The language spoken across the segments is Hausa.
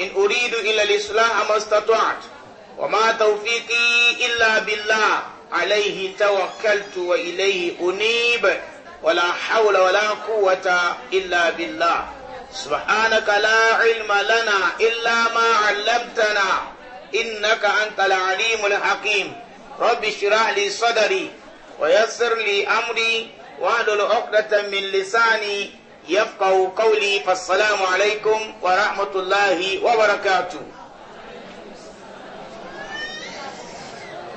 إن أريد إلا الإصلاح ما استطعت وما توفيقي إلا بالله عليه توكلت وإليه أنيب ولا حول ولا قوة إلا بالله سبحانك لا علم لنا إلا ما علمتنا إنك أنت العليم الحكيم رب اشرح لي صدري ويسر لي أمري واحلل عقدة من لساني يفقه قولي فالسلام عليكم ورحمة الله وبركاته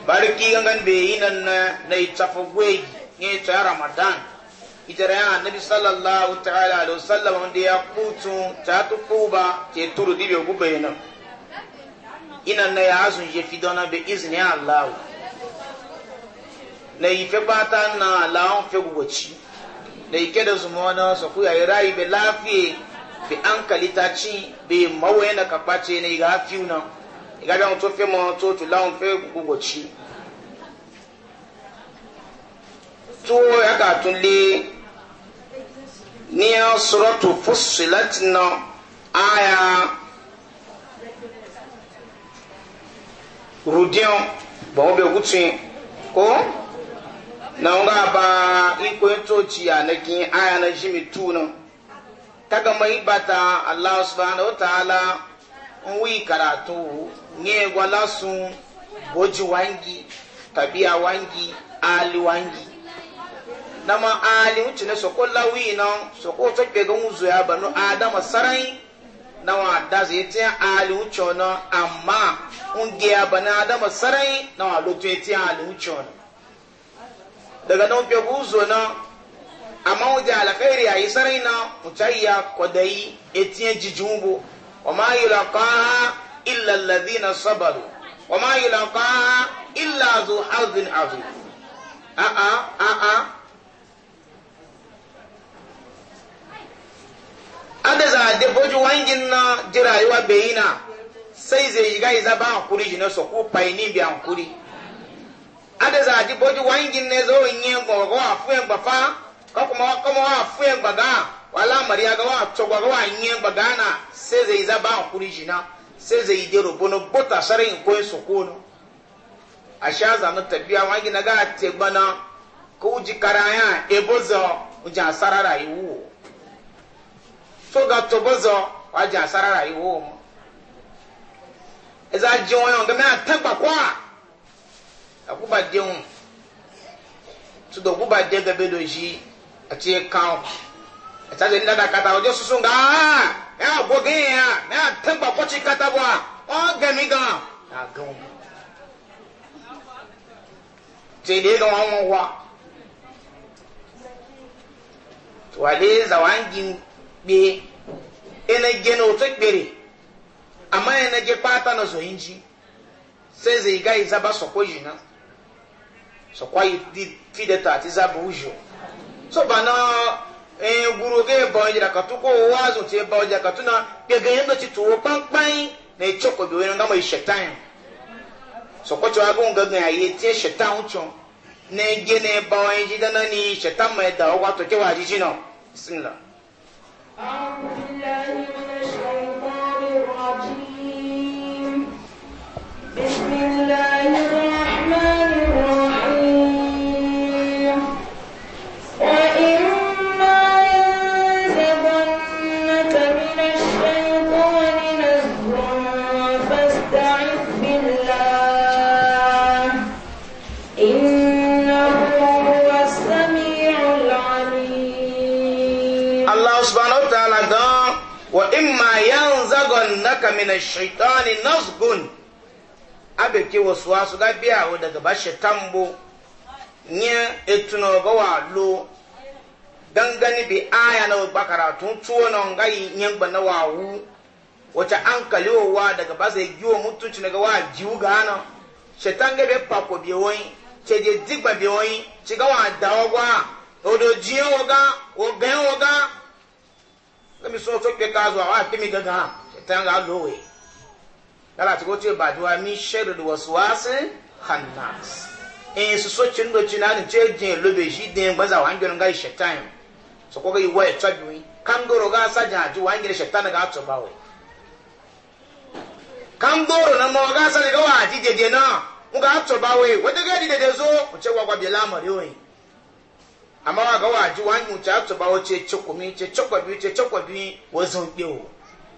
barki gangan be yinan na na itafa gwe ne ta ramadan itara ya annabi sallallahu ta'ala alaihi wasallam wanda ya kutu ta tukuba ke turu dibe gube yana inan na ya azun je fidona be izni allah na ife bata na lawan fe gugwaci na ike da zuma na su kuya yi rayu bai lafiye bi an kalita ci bai mawa yana kakpa ce ne iga hafi na iga da to fe ma to tu lawon fe gugu ci to ya ka tun le ni suratu na aya rudiyan ba wọn bɛ gutun ko na nga ba ikwe toci a na kin aya na jimi tuna taga mai bata Allah subhanahu wataala nwi karatu nye gwala sun goji wangi tabia wangi ali wangi nama ali wuce ne soko lawi na soko to ke ga muzu ya banu adama sarai na wa da zai ali wuce na amma unge ya banu adama sarai na wa lotu ya tiya ali wuce na daga nan pe buzo na amma wajen alkhairi a yi sarai na mutayya kwadayi etiye jijumbo wa ma yi laƙaha illa ladina sabaru wa ma yi laƙaha illa zu hazin azu a'a a'a ada za a deboji wangin na jirayuwa bayina sai zai yi gai zaba hankuri shi na soko paini bi hankuri ade za ji boji wangi ne zo nye go go afu en gbafa ko kuma ko mo afu en gbaga wala mariya ga wa to gwa wa nye na se ze iza ba jina se ze ide ro bono bota sare ko so ko no za tabiya wangi na ga te ko uji karaya uji iwu ga to bozo wa ji asarara iwu mo eza ji won yo atagba kwa akubade ŋu tudo akubade gabe do zi ati e kan e ati ati ndada kata ojo susu ah, e nga ne a gbɔ ya ne a tɛn gba kɔtsi kata bɔ a ɔ gan a gɛn o tele gan wa ŋɔ wa to ale zawa ŋdi kpe gye na o tɛ kpere ama ene gye kpaata na zɔ yi ŋdzi sɛ zɛ yi ga yi zaba sɔkɔ yi na. so kwa di de ta ti za bujo so bana eh guru ge bo jira ka tu ko wazo ti bo jira ka na ge ge yendo ti tu pan pan na choko bi wena ngamo shetan so ko chwa gun ga ga ye ti shetan cho ne ge ne ba ji da na ni shetan ma da wa to ke wa ji jino bismillah أعوذ بالله من الشيطان الرجيم بسم الله الرحمن wa imma yanzaghannaka na shaitani nazghun abe ke wasu wasu ga biya wa daga ba shaitan nye etuno ga wa lo dangane bi aya na ba karatu tuwo na ngai nye gbana wa wu wata an kalewa daga ba sai giwo mutunci daga wa jiwu ga ana shaitan ga be pako bi woyin ce je digba bi woyin ci ga gwa odo lẹ́mi sọ tó gbé káàzọ àwọn akémi gangan ìtàn ga lówe yálà tí kò tí ì bàjẹ́ wa mi ṣẹ́rù lè wọ̀sùn wá sí hanas ẹ̀yìn soso tí nígbà tí náà tí jẹ́ ìlóbe yìí dín gbọ́dọ̀ wà ń gbẹ̀rù nga ìṣẹ̀ tán sọkọ́ kò ìwọ ẹ̀tọ́ bí wọn kangoro ga sájà àti wà ń gbẹ̀rù ìṣẹ̀ tán ga àtọ̀ bá wẹ̀ kangoro na mọ ga sájà ga wà àti dèdè náà ń ga àtọ̀ bá wẹ̀ wọ́n ti gẹ́ amma wa ga waji wa nyu ta tuba wace cikumi ce cikwabi ce cikwabi wazin ɗewo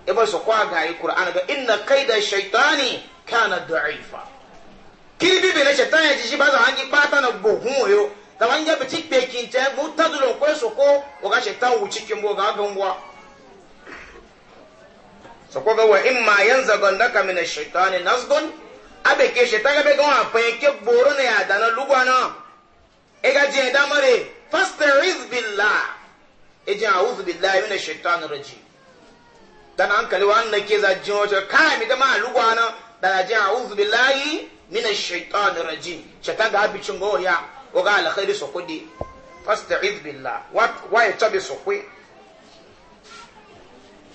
iba su kwa ga yi qur'an ga inna kaida shaytani kana da'ifa Kiri bi na shaytan ya ji shi ba za hangi pata na gogun yo da wanja bi ci pe kin ta bu ta dulo ko su ko o ga shaytan wu cikin bo ga gangwa so ko ga wa imma yanzagannaka min ash-shaytani nasdun abe ke shaytan ga be ga wa pe ke boro ne adana lugwana e ga je mare. fasta'iz billah ejin a'udhu billahi minash shaitanir rajim dan an wannan ke za jin wata kai mi da ma lugwana da jin a'udhu billahi minash shaitanir rajim shaitan da bi cin goya o ga alkhairi so kudi fasta'iz billah wa wa e tabi so kwe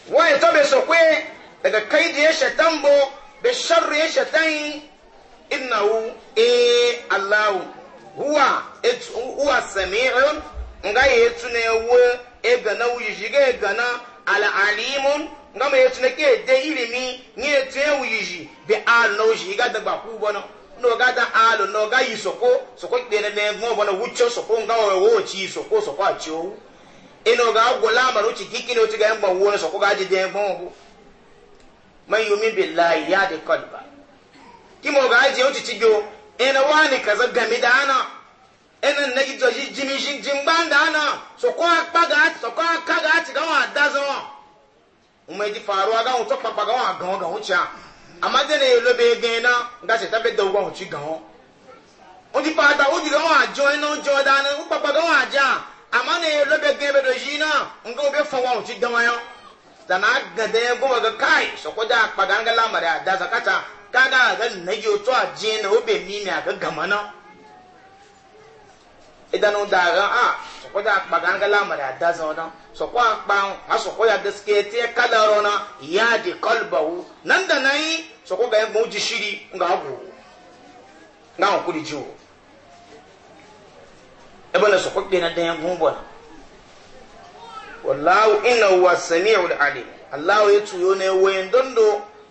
wa e tabi so kwe daga kai da e shaitan bo bi sharri shaitan innahu eh allah huwa etu huwa sami'un nga yetu na ewe egana wuyiji ga egana ala alimun nga ma yetu na ke de ilimi ni etu e wuyiji bi al na wuyiji ga da ku bono no ga da al no ga yi soko soko kpe na me ngon na wucho soko nga wo wo chi soko soko a chi owu ino e ga gola ma ruchi kiki no ti ga ngba na soko ga ji de ngon bu man yumi billahi ya de qalba kimo ga ji o ti ti jo ina wani kaza gami da ana ina na gizo shi jimi shi jimban da ana so ko akpa ga so ko aka ga ati ga wa da zo umma ji faruwa ga wuto papa ga wa ga wa ga wuce amma da ne lo be ga na ga se tabe da wa wuci ga wo o di pata o di ga wa jo ina jo da na o papa ga wa ja amma ne lo be ga be do ji nga ngo be fo wa wuci ga wa yo sana ga de go ga kai so ko da akpa ga ga la lamare da za kata. kada ga nage to a je na obe mi a ga gama na idan o da a ah, so ko da pa ga la ma da za odan so ko a pa a so ko ya da ske te kala na ya di qalbahu nan da nai yi ko ga mu ji shiri nga go nga ko ji o. e bala so ko na da ya mu bo wallahu inna huwa samiul alim allah ya tuyo ne wayin dondo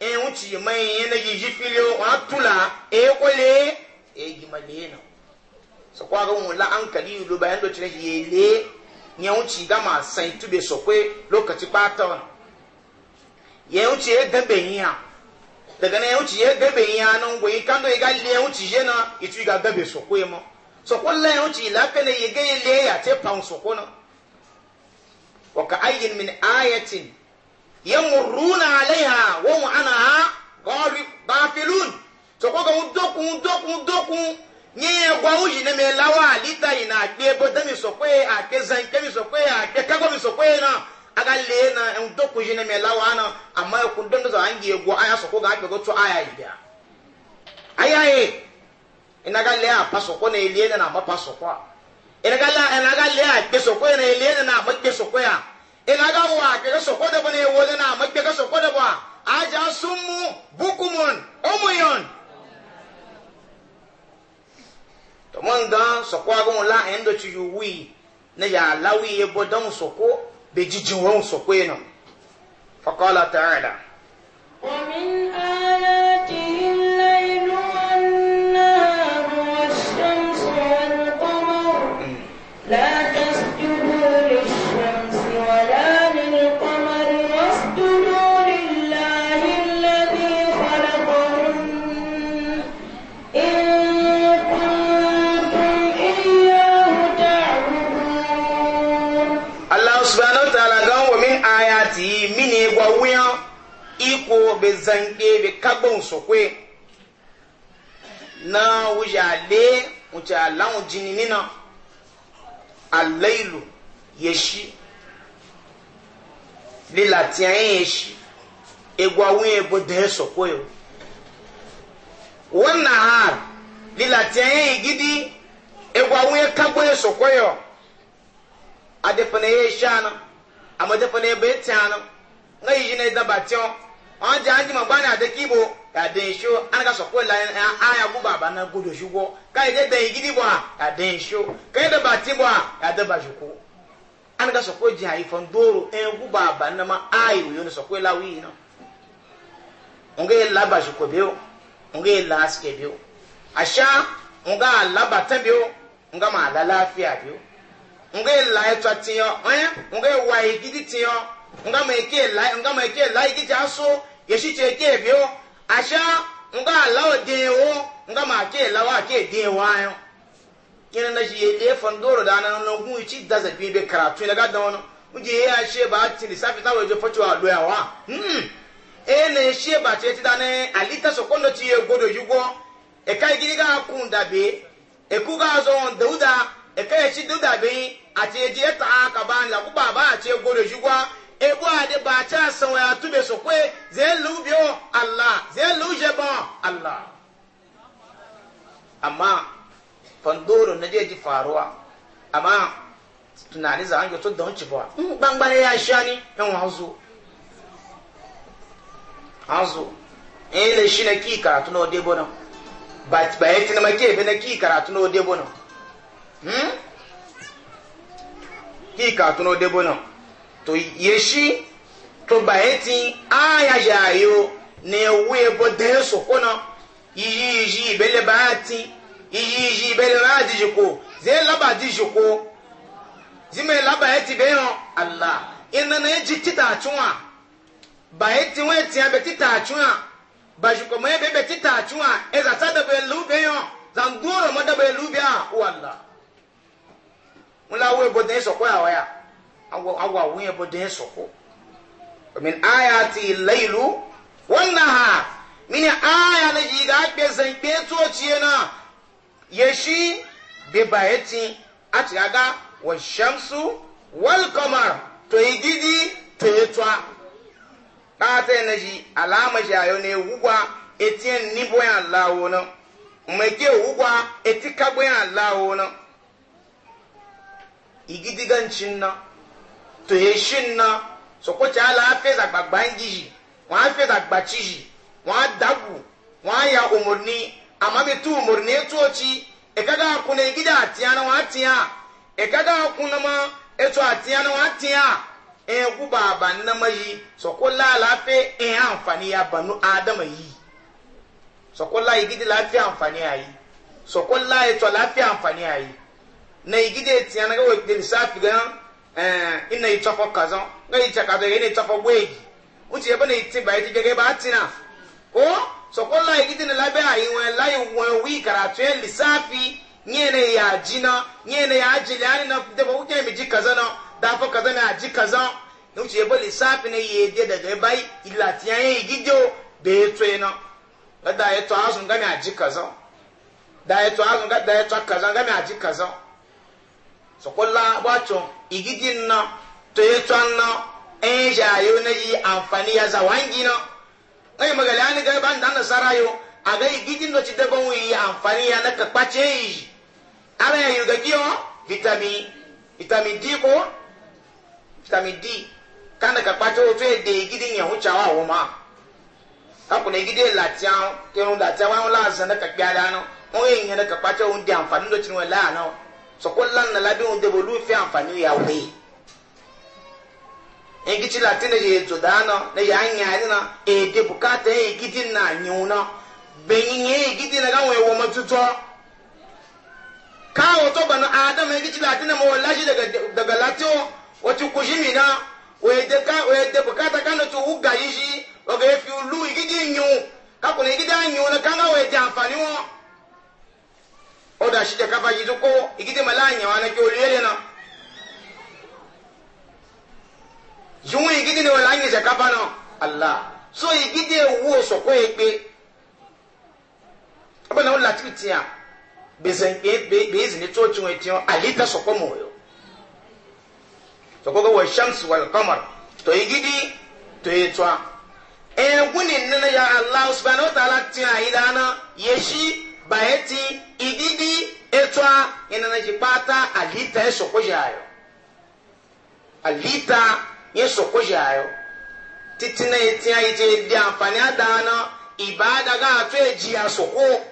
e wuce mai yana yi ji fili wa tula e kwale e eh, ji male na so kwa ga mun la an kali lu bayan do tire ye le nya wuce ga ma san tube so kwe lokaci ba ta wa ye wuce e gabe nya daga ne wuce ye gabe nya nan go yi kan do ga le wuce je na itu ga gabe so kwe mo so ko la wuce la kana ye ga le ya te pa so ko na wa ka ayyin min ayatin yamurruna alaiha wa mu ana ha gafilun so ko ga mu dokun dokun dokun nye gwa yi ne me lawa alita ina gbe bo demi so pe a ke zan ke mi so pe a ke mi so pe na aga le na en dokun ji ne me lawa na amma ku don do an ge gwa aya so ko ga gbe go to aya yi dia aya e ina ga le a paso ko ne na ma paso ko ina ga la ina ga le a gbe so ko ne ile na ma gbe so ko ya ina ga wa ke ga soko da bane wo na ma ke ga soko da ba aja sumu bukumun umuyon to mon ga soko ga la endo chi yu wi ya lawi e bodon soko be jijin won soko eno fa qala ta'ala ومن آياته ko be zange be kagbon sokwe na wuce ale wuce alawun jini nina alailu ya shi lilatiyan e ya shi egwawun ebo da ya sokwe wannan har lilatiyan ya e gidi egwawun ya e kagbon ya sokwe adefana ya shana amma defana ya bayan tiyanan na yi shi na idabatiyan wọn jẹ anjima gbani adeki bo kaden so anaka sɔkò la eh, eh, aya kó baba na godo su bɔ k'ayi de bɛn yigidi bɔ a kaden so k'ayi de bati bɔ a k'ade ba zuku anaka sɔkò jẹ ayi fɔ ndoro ɛn kó baba nama ayi wo yoni sɔkò la wi yina nga ye la ba zuku bi o nga ye la asike bi o asia nga la bata bi o nga ma la lafiya bi o nga ye la etɔ tiɲɔ ɛn eh, nga ye wa yigidi tiɲɔ. nga ma eke lai nga ma eke lai ki ja so yeshi che eke bi asha nga la o de o nga ma ke la wa ke de wa yo kina na shi e fondoro da na no gun da za bi be karatu na ga da wono uje ba ti ni safi ta wo je ya wa hmm e na she ba che ti alita so ti ye godo yugo e kai gi ga ga zo on dauda e kai ebu ade bacha asan wa atube so kwe zelu bio Allah zelu jeba Allah amma fandoro na je ji faruwa amma tunani za an yoto don cibo in mm, bangbare ya shani yan e wazo azo eh le shi na ki karatu na ode bono ba ba yake na make be na ki karatu na ode bono hmm ki karatu na ode na. to yeshi to bayeti aya jayo ne ewu ebo den soko na iyi iji ibele baati iyi iji ibele ba dijiko ze laba dijiko zime laba eti beyan allah ina na eji tita atun bayeti wọn eti abe tita atun bajiko mo ebe be tita atun eza sada be lu beyan zanduro mo da be lu beyan wala mula wo ebo den soko ya waya. awa wuya bo den soko min ayati lailu wannan ha mini aya na ji ga gbe zan gbe tociye na yeshi be eti a ti ga wa shamsu wal qamar to igidi to etwa ta ta na ji alama ji ayo ne wugwa etien ni ya lawo na mmeke wugwa etika ya lawo na igidi gancin na to ye shin na so ko cha la feza gbagba ngi wa feza gbachi ji wa dagu wa ya umurni amma be tu umurni tochi e kaga kuna gida atiya na wa atiya e kaga kuna ma eto atiya na wa atiya e ku baba na mayi so ko la la fe e anfani ya banu adama yi so igide la igidi la fe anfani ayi so ko la eto la fe anfani ayi na igide atiya na ga we de safi Eh, ina itsɔfɔ kazɔ nga itsa kazɔ yi ina itsɔfɔ wéegi ŋutsu yɛ na iti ba eti gɛgɛ ba tina ko sɔkola yi kiti ne labɛn ayi wɛn layi wɛn wi karatu yɛ lisaafi nyɛ ne yɛ adzi na nyɛ ne yɛ adzi lɛ ani na dɛbɛ ŋutsu yɛ mi dzi kazɔ na dafɔ kazɔ na adzi kazɔ ŋutsu yɛ bɛ lisaafi ne yɛ de dɛgɛ ba yi yi bee tɔɛ na ɛda yɛ tɔ azun nga mi adzi da yɛ tɔ azun nga da yɛ tɔ nga mi adzi sokola bwacho igidin na to yetan na en jayo na yi amfani ya za wangi na ai magala ani ga ban dan sarayo aga igidin no chide bon yi amfani ya na kakpache yi ara ya yuga kiyo vitamin vitamin D ko vitamin D kana kakpache o fe de igidin ya hucha wa o ma akuna igidin latian ke on latian wa on la zan na kakpia da no on yin na kakpache o ndi amfani do chinwa la no sokolan na labi hunde bolu fi amfani ya we en gici latin da je to dana na ya anya ni na Ede de bukata e gidi na nyu na beyin e gidi na ganwe wo matuto kawo to bana adam en gici latin mo laji daga daga latio wati kujimi na we de bukata kan de bukata kana yi shi. yiji oge fi lu e gidi nyu kakuna gidi anyu na kanga we de amfani wo o da shi da kafa yi zuko igide malanya wa na kyolele na yiwu igide ne wala anyi kafa na allah so igide wo so ko egbe abana wala titi tiya bezan be be izini to cin wetin alita so ko moyo so ko wa shamsu wal qamar to igidi to yetwa e wuni nana ya allah subhanahu wa ta'ala tin aidana yeshi bayeti ididi etwa inana jipata alita yesokojayo alita yesokojayo titi na eti ayi je di amfani adana ibada ga afe jiya soko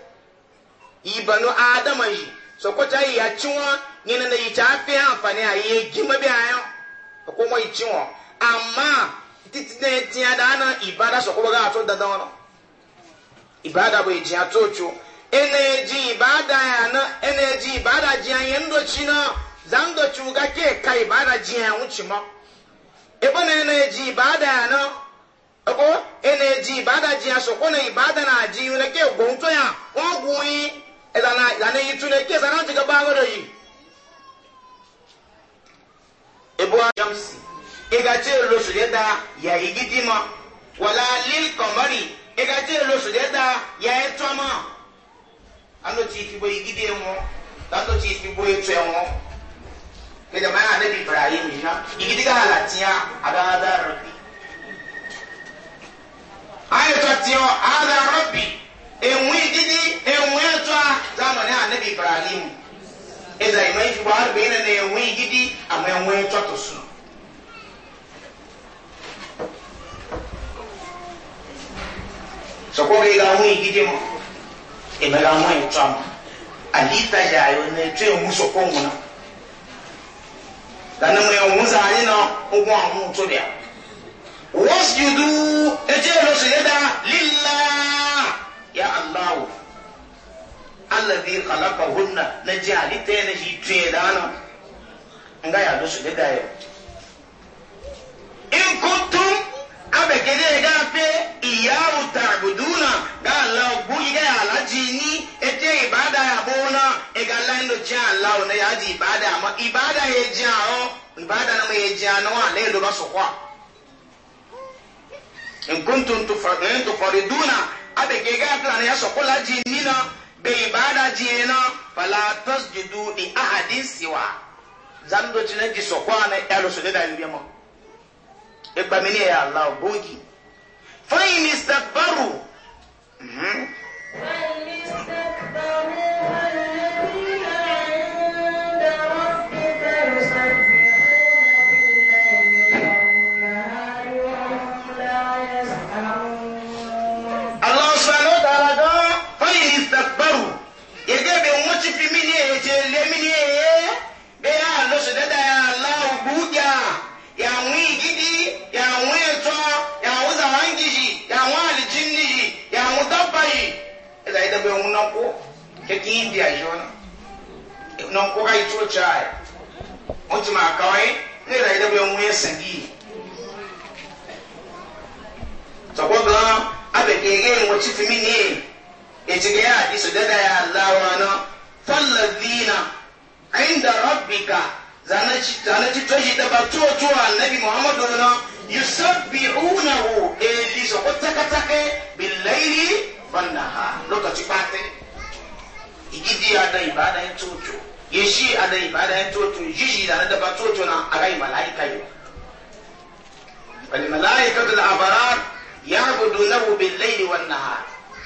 ibanu adama yi soko ta yi ya ci wọn yi ta afe amfani ayi ya gima bi ayo ko mo yi ci wọn amma titi na eti adana ibada soko ga ato dandan wọn ibada bo yi jiya to eneji ibada ya na eneji ibada ji anyị ndochi na za ndochi uga ke ka ibada ji ya nwuchi mo ebe na eneji ibada ya na ego eneji ibada ji ya sokwo na ibada na ji na ke gbo ntọ ya ogwu yi eza na eza na yitu na ke za na jiga ba goro yi ebo ajamsi iga ti lo sule da ya igidi mo wala lil qamari iga ti lo sule da ya etoma ano tsi fi bo igidi ŋɔ tando tsi fi bo etsɔɛ ŋɔ gbedama yi anabi ibrahim yina igidi ka ala tia ada ada rɔbi ayi tɔ tia ada rɔbi eŋu igidi eŋu etɔa zama ne anabi ibrahim eza yi ma yi fi bo arbe yi na ne eŋu igidi ama eŋu etɔ to so. sɔkɔ yi ka ŋu igidi mo. emela a etwam alita yayo ne twe mu soko ngona dana mo ehu za ani na ogun amu to dia what you do eje lo se da lillah ya allah alladhi khalaqahunna naji alita ne shi twe dana nga ya do se da yo in kuntum abe kede ga fe iyawu ta'buduna ga la bugi ga alaji ni ete ibada ya bona e ga la ndo cha la na ya ji ibada ma ibada ya ji aro ibada na me ji ano wa le do ba so kwa in kuntum tufadun tufariduna abe ke ga plan ya so kola ji ni na be ibada ji na fala tasjudu li ahadin siwa zando chine ji so kwa na ya lo so de da ni ekpamini ya allah bogi fain istakbaru mm da bai un nan ko ke kin bi a jona nan ko kai chai on ma kawai ne da bai un ya sangi saboda abe ke ge mo ti fi e na rabbika zanaci zanaci to shi da ba to annabi muhammad na yusabbihunahu e eh, li so ko takatake eh, bil laili wannan ha lokaci fata igidi da ibada yin shi a da ibada yin yi jiji da na daba coco na a rai mala'ika yi bali mala'ika da labara ya gudu na bin laili wannan ha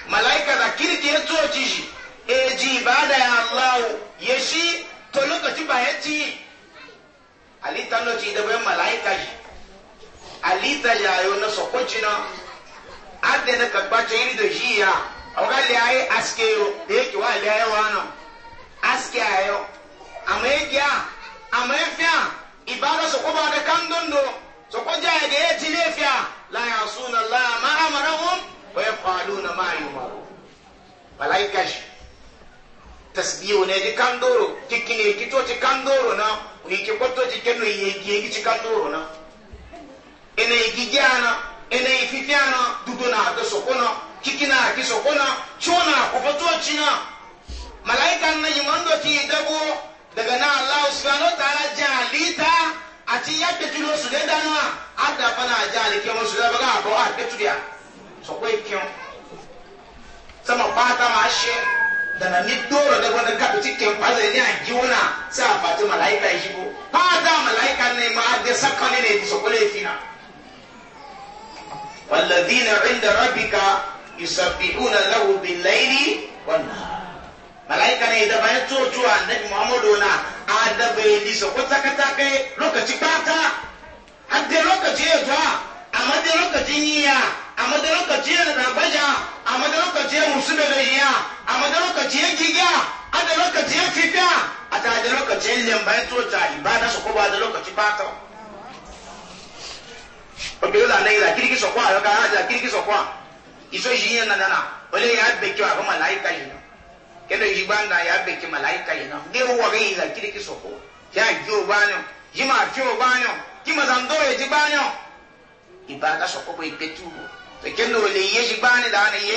mala'ika da kirki ya to jiji e ji ibada ya allahu shi to lokaci ba ya ci alitan lokaci da bayan mala'ika yi alita yayo na sokoci na ade na kagba chairi do ji ya oga le aye aske yo e ki wa le aye wa no aske ayo ama e dia ama e fia ibada so ko ba de kandondo so ko ja de e ti le fia la ya yasuna allah ma amarahum wa yaqaluna ma yumaru malaika shi tasbiyo ne di kandoro kikine kito ti kandoro na ni ke boto ti kenu ye gi ci kandoro na ene gi jana ene ififia na dudu na ake sokono kiki na ake sokono chona kofoto china malaika na yimondo ti dabo daga na allah subhanahu wa ta'ala jalita ati yadda tulo su da dana adda fana jali ke mo su da baga ko a ke tudiya so ko ikyo sama pata ma she da na ni doro da wanda ka tuti ke paza ni a giuna sa fatu malaika yibo pata malaika ne ma adda sakane ne so ko le fina والذين عند ربك يسبحون له بالليل والنهار malaika ne da bayan cocuwa annabi muhammadu na adaba ya nisa ko takatake lokaci bata har dai lokaci ya zuwa amma dai lokacin yiya amma dai lokaci ya da baja amma dai lokaci ya musu da yiya amma dai lokaci ya giga ada lokaci ya fita a ta da lokaci ya coca ibada su da lokaci bata obìnrin là ní a kíríkì sọ̀kọ́ àyọ̀ká àjà kíríkì sọ̀kọ́ à ìsọ yìí yẹn nànà wọlé yà á bèkì àwọn màláìka yìí náà kẹ́lẹ́ yìí gbá nà yà á bèkì màláìka yìí náà bí wọ́n rí ìlà kíríkì sọ̀kọ́ yà á ju ọgbà yàn yìí máa fi ọgbà yàn yìí máa sàn dọ́rọ̀ ètí gbá yàn ìbá ká sọ̀kọ́ bó ìgbé tu wò kẹ́kẹ́ ní olè yé ṣe gbá ni dáná yé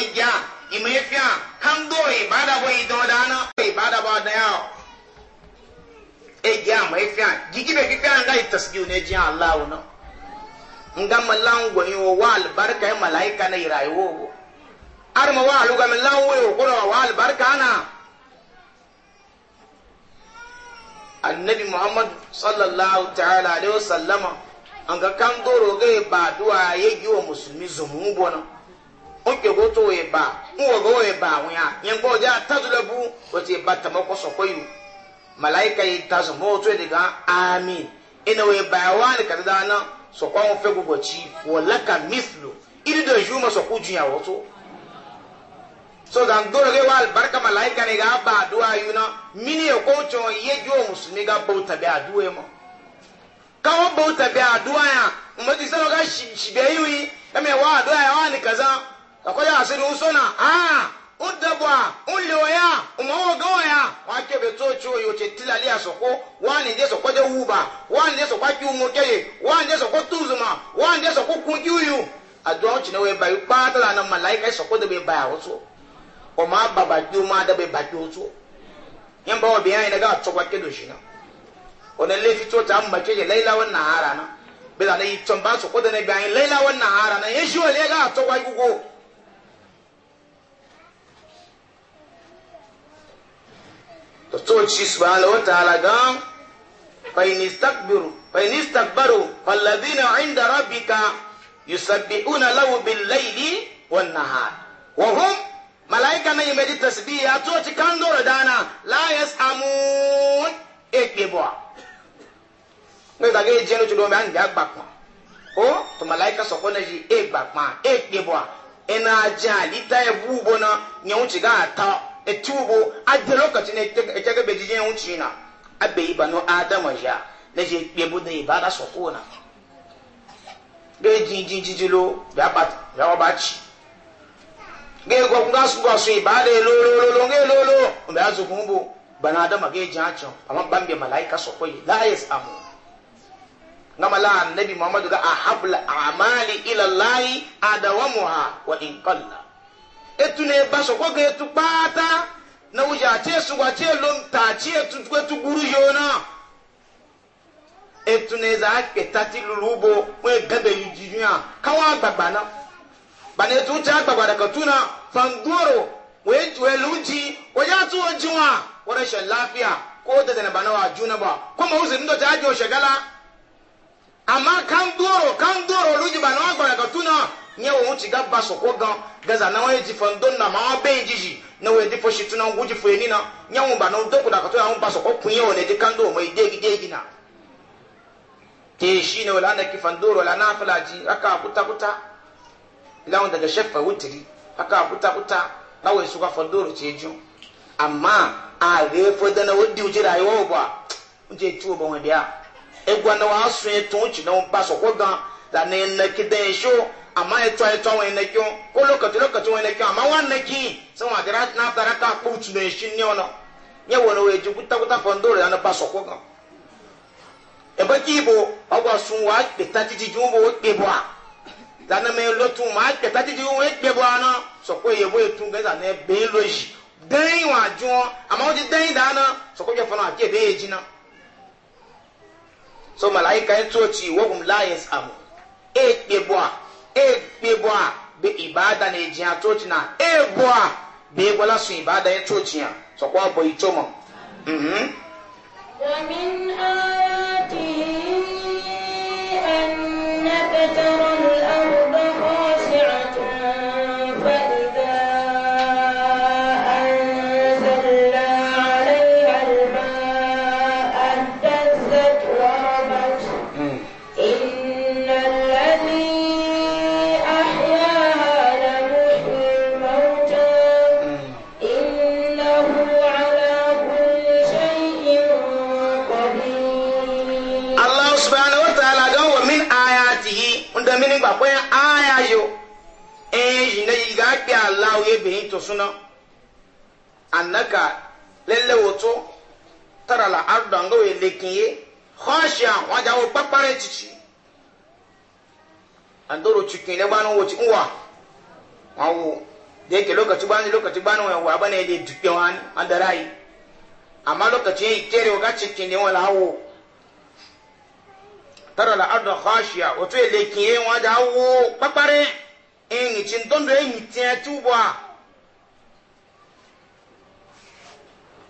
ìmọ̀ efi à kándó ìbádàbọ̀ ìdán ìbádàbọ̀ dáná ẹ̀ jẹ́ àmọ̀ efi à jíjí bẹ̀ nga malan gwayi wa wa albarka ya e malaika na rayuwa wo ar ma wa alu min lan wo ko wa albarka na annabi muhammad sallallahu ta'ala alaihi wasallama an ga kan doro ga ba duwa ya yi wa musulmi zumun bona o ke go to e ba n wo go e ba won ya yen bo ja tazulabu o ti ba tamako so koyu malaika yi tazumo to de amin ina e we ba wa ni kadana so kwa wọn fẹ gbogbo tsi wọlaka mislu iri do ju ma so ku ju ya wọtọ so gangoro ke wa barika malaika ne ga ba aduwa yi na mini ye ko tso ye ju o musulmi ga bɔ tabi aduwa ma kawo bɔ tabi aduwa ya mmadu sanu ka si si bɛ yi yi e ɛmɛ wa aduwa ya wa ni kaza kakɔ ya ase ni wusu na aa. udabwa uloya umawogoya wakebe tsocho yoche tilalia soko wani je soko je wuba wani je soko ju mokeye wani je soko tuzuma wani je soko kunjuyu adwa chine we bayu pata la na malaika soko de be baya oso o ma baba ju ma de be baju oso yamba wa biya ina ga tsokwa kedo shina ona lefi to ta amma keje laila wannan hara na bila na yi tamba soko de ne bayan laila wannan hara na yesho le ga tsokwa gugo to tsoci subhanahu wa ta'ala gan fainistakbaru falladina inda rabbika yusabbihuna lahu bil laili wan nahar wa hum malaika na yimedi tasbih ya tsoci kan doro dana la yasamun ekpebo ne da ge ci tudo me an ga gbapon o to malaika so ko na ji e gbapon ekpebo ina ja lita e bubo e na e nyawuci ga ta etubo adda lokacin ita ga bai jijin tii na abe yi banu adama ja na je bebu da ibada su kona ga jijin jijilo ya wa baci ga yi gwagwun gasu gasu ibada ya lolololo ga yi lolo mbe ya zukun bu bana adama ga yi jin hacin amma bambe mala'ika su koyi la ya samu gama la annabi muhammadu ga a habla amali ilallahi adawamuha wa in etu na-eba sokwa ga etu kpata na wuji achi esugwa chi elo nta chi etu gburu yona etu na eza akpeta ti lulu ugbo nwee gada yijiju ya kawa agbagba na bana etu uche agbagba katu na fandoro wee luji wajen atu ojiwa wadda shan lafiya ko da na bana wa juna ba kuma wuzi ndo ta ajiyo shagala amma kan doro kan doro luji bana nye wo ŋutsi gã ba sɔkɔ gã gaza na wɔn edzi fɔ ŋdɔ na ma wɔn bɛyi dzidzi na wo edi fɔ situ na ŋgudzi fɔ eni na nye wo ba na wo dɔkɔ dakɔtɔ na wo ba sɔkɔ kun ye wo na edi kan do wo ma yi deegi deegi na keesi na wo la na kifa ŋdoro la na afɔla dzi aka kutakuta la wo daga sɛfɛ wotiri aka kutakuta na wo esu ka fɔ ŋdoro tse dzo ama aɣe fɔ dana wo diw dzira yi wo bɔ ŋutsi etu wo bɔ wɔn bia egua na wo asu etɔn tsi na wo ba sɔkɔ gã la ne ne kede so. amma ya twa ya twa wani na kyo ko lokaci lokaci wani na amma wani ki sun wa dira na tara ta kutu ne shi ne wani ya wani wani ji kuta kuta na ba sɔkɔ kan ebe ki bo ɔgba sun wa kpeta titi ju bo kpe bo a dana mɛ lɔtun ma kpeta titi wo kpe bo a na sɔkɔ yebo na gɛ zana bee lo yi wa jɔn amma o ti da na sɔkɔ jɛ fana a kye bee jina so malaika ye tso ci wɔkum laayɛ e kpe bo a. ekpebo a bụ ibada na eji atụ tochi na ebo a bụ egwala sun ibada ya tochi ya sọkwa bụ ito mọ mhm. ومن to suna annaka lalle woto tara la ardo anga we lekinye khashia waja wo papare chichi andoro chikin le banu wo chi nwa wawo da yake lokaci bani lokaci wa wa bane da wani andarai amma lokaci yi kere wa cikin ne wala hawo tara la ardo khashia woto lekinye waja wo papare en chin en tiatu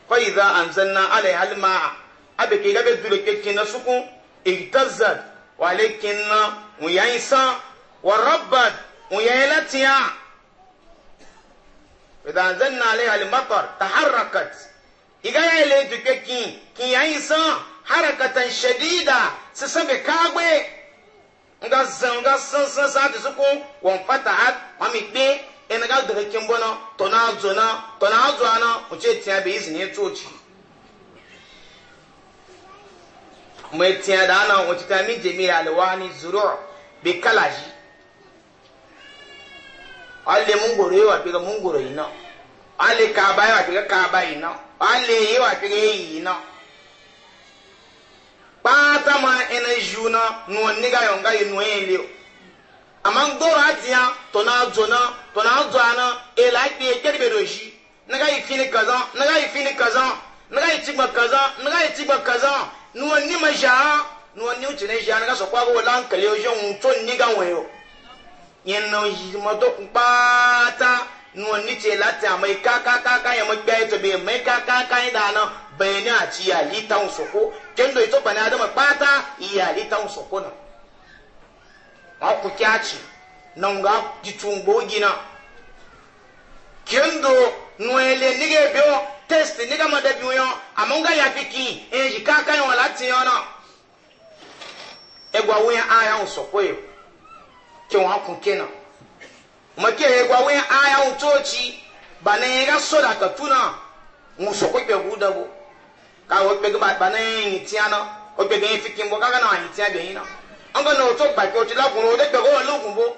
faiza an zanna ala ya halima a abu ke gabe dule ke suku ta harakat iga ya ile shadida su sabe kagbe suku wọn fata hat ene ga daga kin bono to na zo na to na zo ana mu ce tiya be izini tsoci mai tiya da ana mu ta min jami'i alwani zuru' be kalaji alle mun goro yi wa fi ga mun goro yi na alle ka bai wa fi ga ka bai na alle yi wa fi ga yi na kpaata ma ene ju na nuwa niga yonga yi nuwa ele amma ngoro atiya to na zo na to na zo ana e eh, la ke ke be do shi na ga ifini kaza na ga ifini kaza na ga itigba kaza na ga itigba kaza nuwa ni ma sha nuwa ni uti ne zi an ga so kwa go lan kele o zi jun to ni ga won yo yen no yi ma do kun pata nuwa ni te lati amai ka ka ka ka ya mo gbe to be mai ka ka ka ida na bayani a ta ci ya li taun soko kendo ito bana adama pata iya li taun ko na ku kyaci nonga jitumbo gina kendo nuele nige bio test niga madabi yo amonga ya fiki e jikaka no la ti ona egwa we aya unso ke egwa aya soda ka tuna unso pe buda bo ka wo pe ba bane ti ana fiki mbo ka na ni ti abi na anga no ti lagun o de pe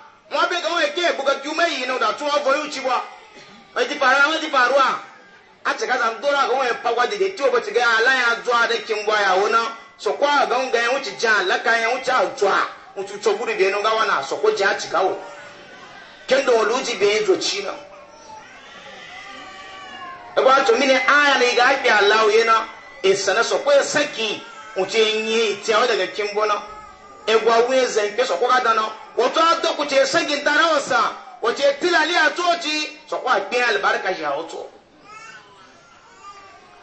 wọn bɛ gawo eke boga juma yi na o da tún wọn fɔ yóò ci wa wọn ti ti a a cɛ ka san tora gawo ye pagwa dede o ala y'a zɔ a de kin bɔ a na sɔkɔ a gawo gɛn o ti jan a zɔ a o ti tɔ na sɔkɔ a ti ka olu ti na e b'a aya na i ka kpɛ a la o ye na e sɛnɛ sɔkɔ ye o ti na. wato a ku ce sagin ta rawarsa wace tilali a toci so kwa gbe albarka shi a wato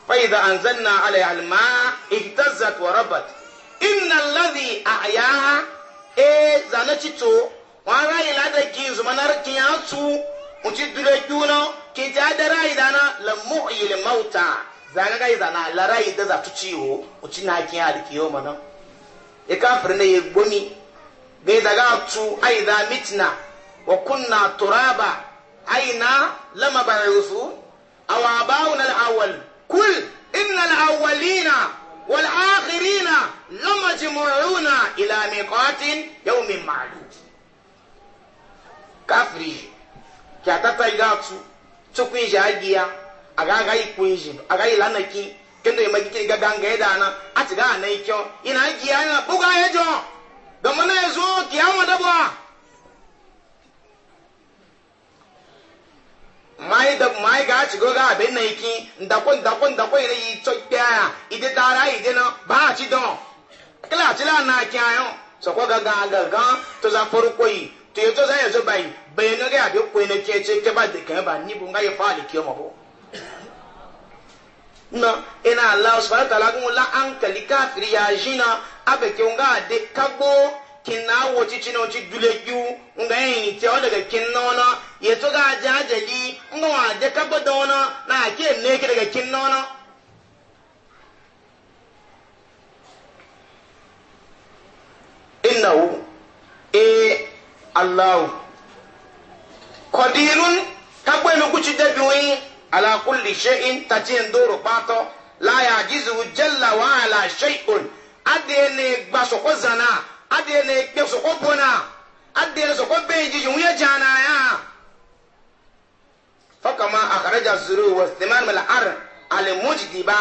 fai da an zanna alai alma ihtazzat wa rabat inna allazi a aya e zana cito wa rayi lada ki zumanar ki ya tu mutu dure kyuno ki ta da rayi dana la mu'il mauta zana kai zana la rayi da tu ciwo uci na ki ya alki yau mana e ka furne ye gbomi bai daga tu aida mitna wa kunna turaba aina lama ba'uthu aw bauna al-awwal kul innal al-awwalina wal akhirina lama jumu'una ila miqatin yawmin ma'lum kafiri ki atata a tu tukun ji agiya aga ga kun ji aga yi ki kendo yemagi ki ga ganga edana atiga na ikyo ina agiya na buga jo. ga mana ya zo kiyama dabwa mai da mai ga ci go ga be na iki ndako ndako ndako ire yi to kya ide dara ide no ba ci don kila ci la na kya yo so ko ga ga ga ga to za foru ko yi to yo to za yo so bai be no ga bi ko ne ke ce ke ba de ke ba ni bu nga yo fa le ki o mo bo na ina allah subhanahu wa ta'ala gun la an kali kafiri ya jina abe ke nga de kagbo kinna wo chichi no chi dule ju nga yin ti o daga kinna na ye to ga ja jali nga wa de kagbo do na na ke ne ke daga kinna na innahu e allah qadirun kagbo no ku chi de bi ala kulli shay'in tatin duru pato la yajizu jalla wa ala adi ene gba soko zana adene gbe soko bona adene soko beji ju ye jana ya fakama akhraja zuru wa istiman al ar al mujdiba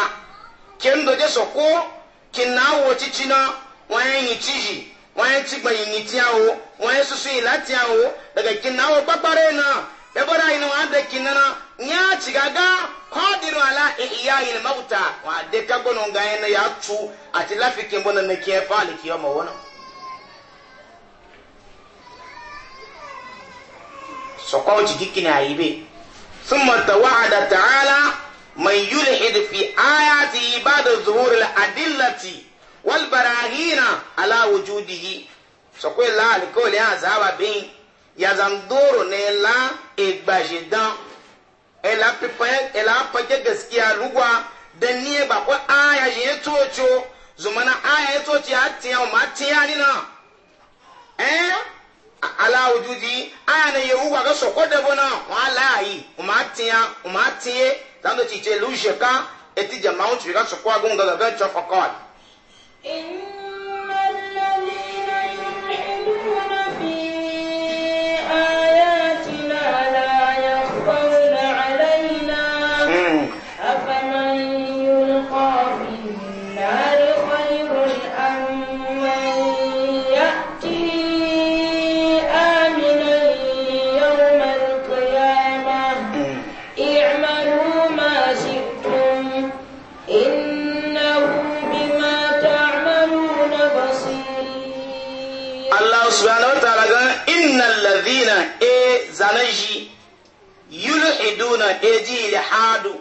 kendo je soko kinawo chichina wayin chiji wayin chigba yin tiawo wayin susu ilatiawo daga kinawo papare na ebora inu ade kinana nya chigaga qadiru ala ihya'il mauta wa de kagono ngaye na ya tu ati lafike mbona na kiye fali kiyo mawona sokwa ji kikini aibe thumma tawa'ada ta'ala man yulhid fi ayati ba'da zuhur al adillati wal barahina ala wujudihi sokwe la alikole azaba bin yazandoro ne la egbajidan ela pipa ela fage gaskiya lugwa da niye ba ko aya je tocho zumana aya ya tocho ya o ma tiya ni na eh ala wujudi aya ne yewu ga soko de bona wala yi o ma o ma tiye zando ti che lu sheka eti jama'u ti ga soko agun ga ga chofakal in adu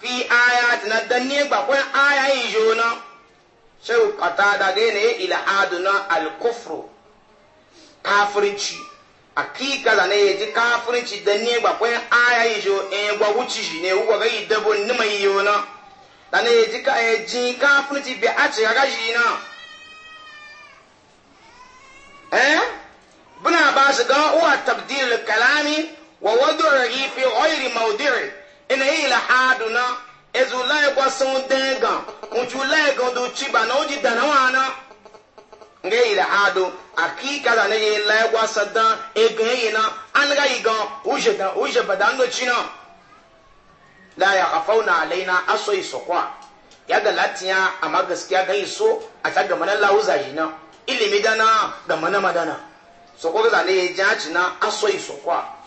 fi ayatina dan ne ba kwan aya yi jona sai kata da ga ne ila aduna al kufru kafirci akika da ne ji kafirci dan ne ba kwan aya yi jo e gwa wuci ji ne uwa ga yi dabo ni mai yona da ne ji ka e ji kafirci bi a ci ga ji na eh buna ba su ga uwa tabdil kalami wa wadu'i fi ghairi mawdi'i ina yi la haadu na ezu lai gwa sun denga unchu lai gwa du chiba na uji dana wana nga yi la haadu aki kala na yi lai gwa sada ega yi na an ga gan uje da uje bada ndo na. la ya khafauna alaina aso isokwa ya ga latiya amma gaskiya ga iso a ta gama na lauza yi na ilimi dana gama na madana sokwa ga zane ya ji na aso isokwa.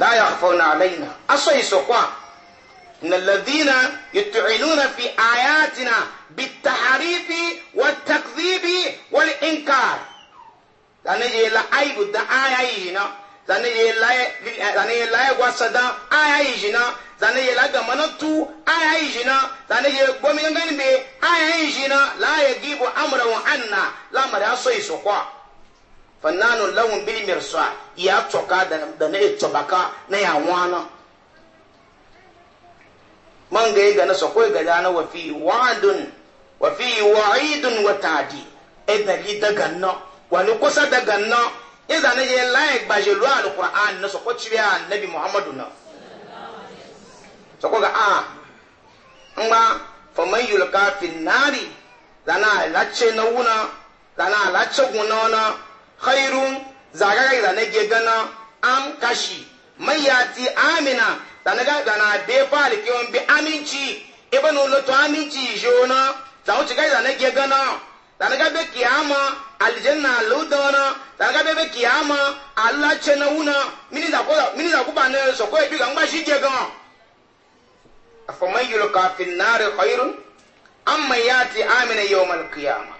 لا يخفون علينا أصي سقوا إن الذين يتعينون في آياتنا بالتحريف والتكذيب والإنكار لأن يلا أيب الدعاء يجينا لأن يلا لأن يلا وصدا آية يجينا لأن يلا جمانة تو آية يجينا لأن يلا قومي يقومي آية يجينا لا يجيب أمره عنا لا مرأة سيسقوا fannanu bilimir su a, ya toka da na ne tobaka na ya wana man ga yi na sokoi ga da na wafi wa'dun wa fi wa'idun wa ta'di idan li daga no wa ni kusa daga no idan ne ya la ba je lu alquran na sokoi ci ya annabi muhammadu na sokoi ga a ah, ngba faman yulka fin nari dana lace na wuna dana lace gunona khairun zagaga da na ge gana am kashi mai yati amina da na gaga na be fali kiwon bi aminci ibn lutu aminci jona za wuce gaga na ge gana da na gabe kiyama aljanna ludona da na gabe kiyama allah ce na wuna mini da ko mini da ku ba ne so ko e bi ga ngba shi ge gan afaman yulqa fin nar khairun amma yati amina yawmal qiyamah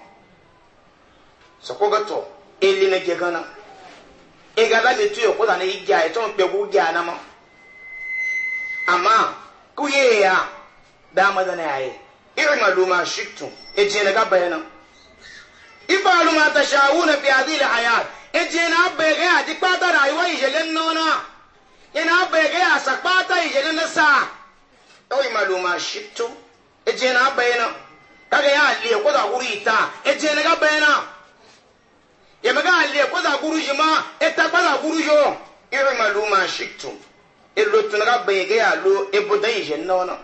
sokogoto eli na gegana igala le tuyo kola na igya eto mpe gu gya na ma amma kuye ya da maza na yayi irin aluma shiktu eje na ga bayana ifalu ma tashawuna fi hadhihi alhayat eje na bege a di pata rayuwa ijelen nona ina bege a yi yɛlɛ na sa ma to imaluma shiktu eje na bayana kaga ya le kola guri ta eje na bɛn na. yamaga alle kwaza guruji ma eta kwaza gurujo ire maluma shiktu ilo tunaga bege ya lo ebodai jenna wana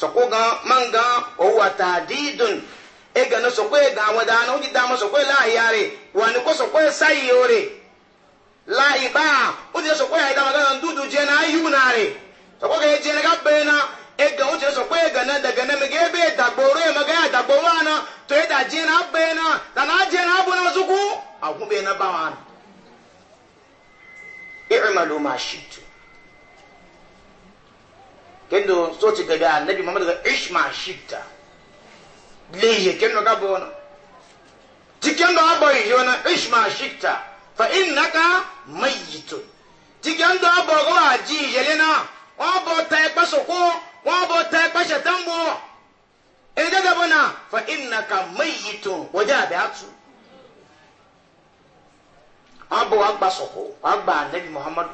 sako ga manga o wa tadidun e ga no sako e ga wada na uji dama sako la yare wani ko sako sai yore la iba uji sako ya dama ga na ndudu jena ayunare sako ga jena ga bena e ga uji sako e ega na daga na mege be dagboro e maga gbogbo na to yi da je na be na da na je abu na zuku a kuma na ba wa i'malu ma shitu kendo so ti gaga annabi muhammad ga ish ma shita leye kendo ga bona ti kendo abo yo na ish ma shita fa innaka mayyitun ti kendo abo go ji yelena won bo ta e pasoko won bo ta e pasatan ede da na fa innaka mayyitun waje abi atu abo wa gba soko wa gba anabi muhammad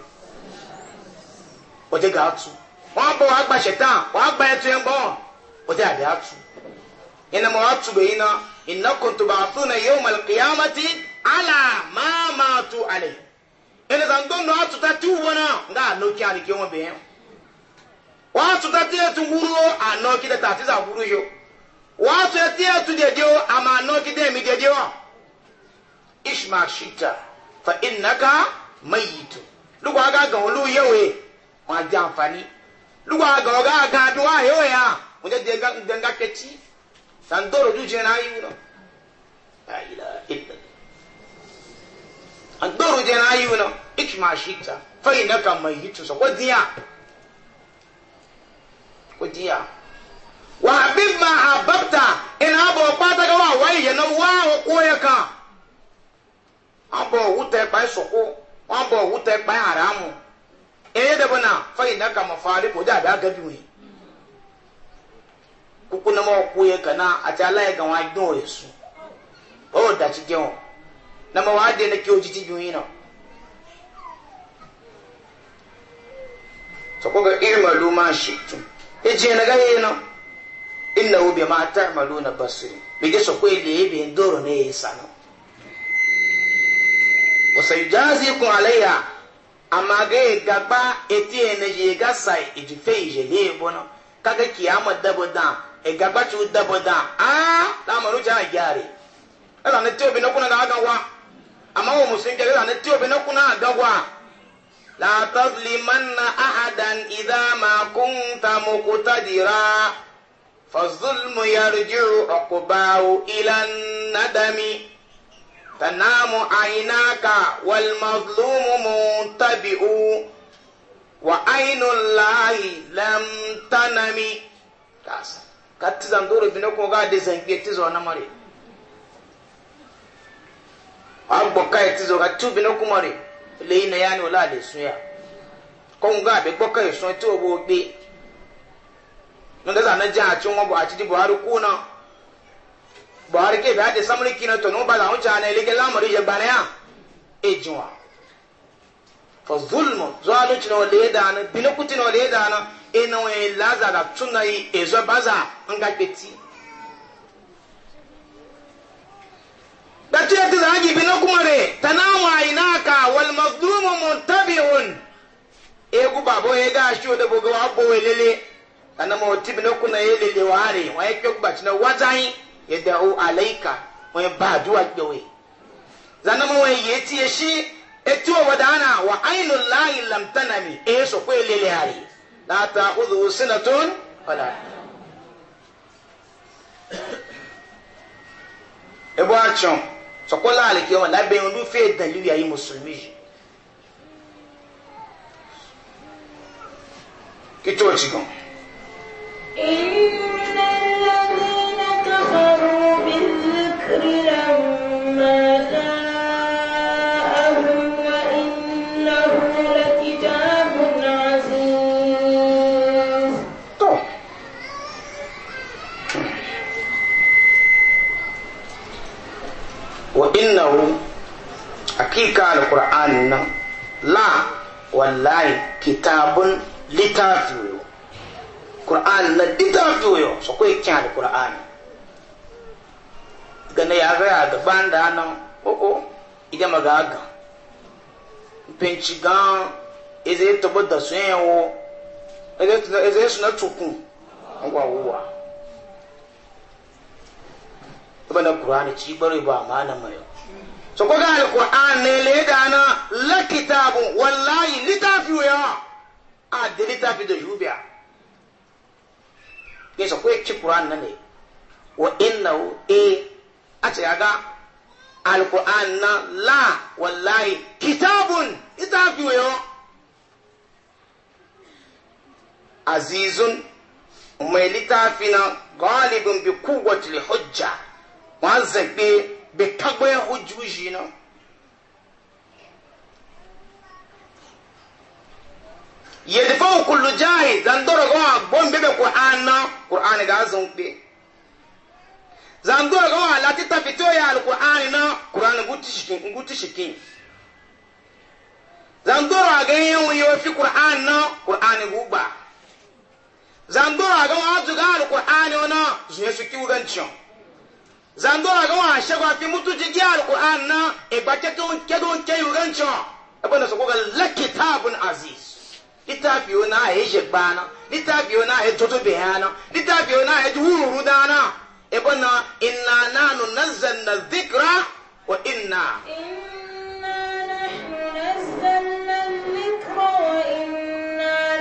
waje ga atu wa bo wa gba shetan wa gba etu enbo waje abi atu ina mo atu be ina innakum na yawm al-qiyamati ala ma matu alayhi ina zan don no atu ta tu wona nga no ki ani ki won be wa atu ta ti etu wuro ano ki ta ti za wuro yo watu a tu jejo a nokide mi jejo ishma shita fa innaka mayitu lugo aga gan olu yewe wọn jẹ àǹfààní lugo aga ọgá aga aduwa yewe ya wọn jẹ denga denga kẹtì sandoro ju jẹ n'ayi wúlọ ayila ita andoro jẹ n'ayi wúlọ ishma shita fa innaka mayitu sọ kò diya ko diya. wa bimma hababta ina bo pata ga wa wa ye na wa o ko ye ka abo hute pa soko abo hute pa haramu e de bona fa ina ka mafari ko da da ga biwi kuku na ma ko ye kana ati ala ye ga wa do yesu o da ti je o na ma wa de na ki ojiji biwi na soko ga irma lu ma shi tu e je na ga ye na illa hu bima ta'maluna basir bige so ko le be ndoro ne yesa no wa sayjazikum alayha amma ga gaba eti ene je ga sai ijife je le bono kaga kiyama da e gaba chu Da ah la maru ja yare ala ne tiobi na kuna ga ga wa amma wa musinja ala ne tiobi na kuna ga wa la tazlimanna ahadan idha ma kunta muqtadira فالظلم يرجع عقباه إلى الندم تنام عيناك والمظلوم منتبئ وعين الله لم تنم كاس كاتزان دور بنكو غادي زنكي تزو نمري agbọka etizo ka tubi na kumari leyi na ya ni ola le sun ya kọnga abe gbọka esun ti o bo gbe nga zana jaa ci wa a ci buhari kuna buhari ke bɛ a samuni kina to n'o ba la ŋo caa na eleke lamari ye banaya e ji fa zulmu zuwalu ci na o lee dana bile ku ci na o lee dana e na wani ye lazara tun na yi ezo baza nga kpeti. Datuya ti zagi bi na kuma re tanawa inaka wal mazlumu muntabi'un egu babo ega shi da bogo abo welele kana mo tibi na kuna ye lele waare wa ye kyo gba tina wazai ye da o alaika wa ye ba duwa gbewe zana mo wa ye ti ye shi etu wa dana wa ainu lahi lam tanami e so ko lele hari la ta udhu sinatun wala ebo achon sokola alike wa labe ondu fe dalili ayi muslimi kitochi kan innahu hakika alqur'anin nan la wallahi kitabun littafi qur'an na didar doyo so ko yake al qur'an gane ya ga ya ga banda nan o o ida magaga penci gan eze to bodda suyewo eze eze suna tukun ngwa wuwa na qur'ani ci bare ba mana mai so ko ga al ne le da na la kitabun wallahi litafi ya a de fi da jubiya ke so ko ci qur'an nan ne wa innahu e eh, a ce ga alquran na la wallahi kitabun ita fi azizun mai littafi na galibin bi kowace hujja wa zagbe bi tagbayin hujjuji na yadfau kullu jahi zandoro go agbon bebe qur'an na qur'an ga zon pe zandoro go ala ti fito ya alquran na qur'an guti shikin guti shikin zandoro aga yin yo fi qur'an na qur'an guba zandoro aga wa zuga alquran ona zuye shikin gancho zandora aga wa shagwa fi mutu jigi alquran na e ba ke don ke don ke yugancho abana so ko ga la kitabun aziz littafi wani a yi na littafi wani a yi tutu na littafi wani a yi wururu na ebe na inna nanu nazzalna dhikra wa inna wa inna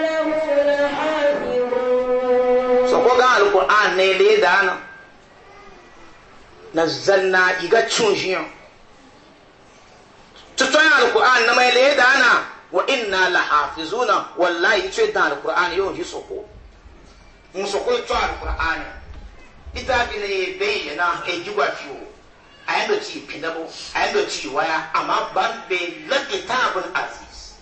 lahu lahafizun so ko ga alquran ne le da na nazzalna iga chunjiyo tutoya alquran na mai le da na wa inna la hafizuna wallahi ce da alqur'ani yau ji soko mun soko to alqur'ani ita bi ne bayyana ka jigwa fiyo ayan da ci pinabo ayan da ci waya amma ban be la kitabun aziz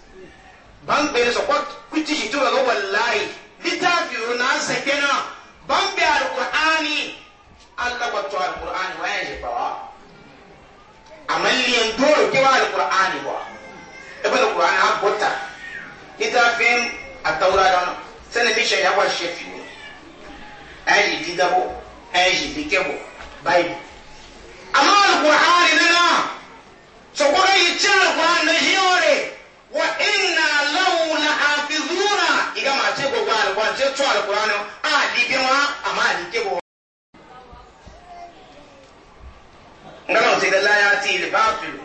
ban be so ko kuti ji to ga wallahi litafiyo na sakena ban be alqur'ani Allah ba to alqur'ani waya je bawa amma liyan dole ke wa alqur'ani ba ebe na kur'ani ha bota littafin a taura da wani sani mishan ya kwa shefi ne ayan yi didabo ayan yi dikebo bible amma alkur'ani na na so kuma yi ci alkur'ani na yore wa inna lahu la hafizuna iga ma ce gogo alkur'ani ce to alkur'ani a dike wa amma a dikebo ngana sai da la ya ti batil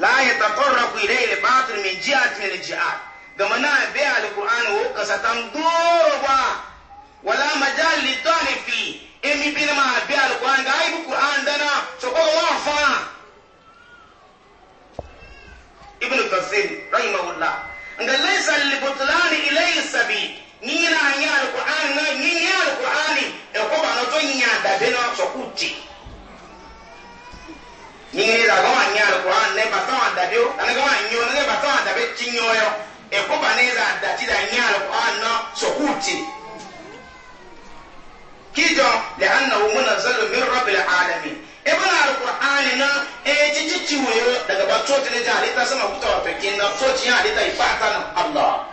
la ya taqarrabu ilayhi al-batil min jihatin al-jihad gama na be al-qur'an wo kasatan doroba wala majal li tanifi emi bin ma be al-qur'an ga ai qur'an dana so ko wa fa ibn kasir rahimahullah nga laysa al-butlan ilayhi Sabi ni na nya al-qur'an ni nya al-qur'ani e ko ba no to nya da be no so kuti yiri da gama ni quran ne ba tawa da biyo da gama ni ne ba tawa da be tinyo yo e ko ba ne da da ti da ni alquran no so kuti kijo li annahu munazzalu min rabbil alamin e ba alquran na e ji ji ti wo daga ba to ti ne ja ali ta sama kuta wa pekin na so ji ali ta ifata na allah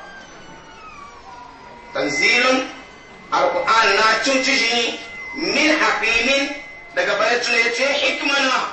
tanzilun alquran na cin ci min hakimin daga ya tunaye hikmana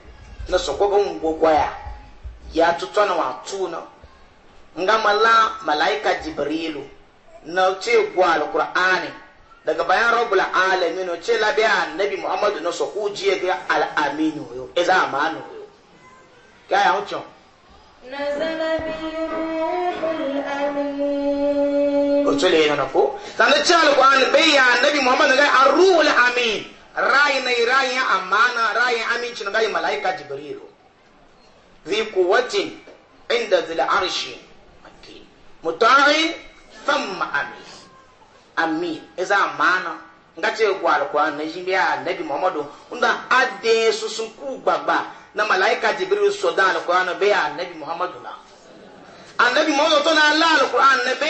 na sokogon gwagwaya ya tuto na watu na nga mala malaika jibrilu na ce gwa alkur'ani daga bayan rabbul alamin no ce labe annabi muhammadu na soko jiye ga al'aminu yo iza amanu yo ga ya hucho nazala bi ruhul amin ko tole na ko sanan ce alkur'ani bayya annabi muhammadu ga arruhul amin rai na rai ya amana rai ya aminci na gai malaika jibrilu zi kuwatin inda zila arshi makin mutari thumma amin amin iza amana nga ce ku alquran na jibi annabi muhammadu unda ade sun ku gbagba na malaika jibrilu sodan alquran be annabi muhammadu na annabi muhammadu to na la alquran na be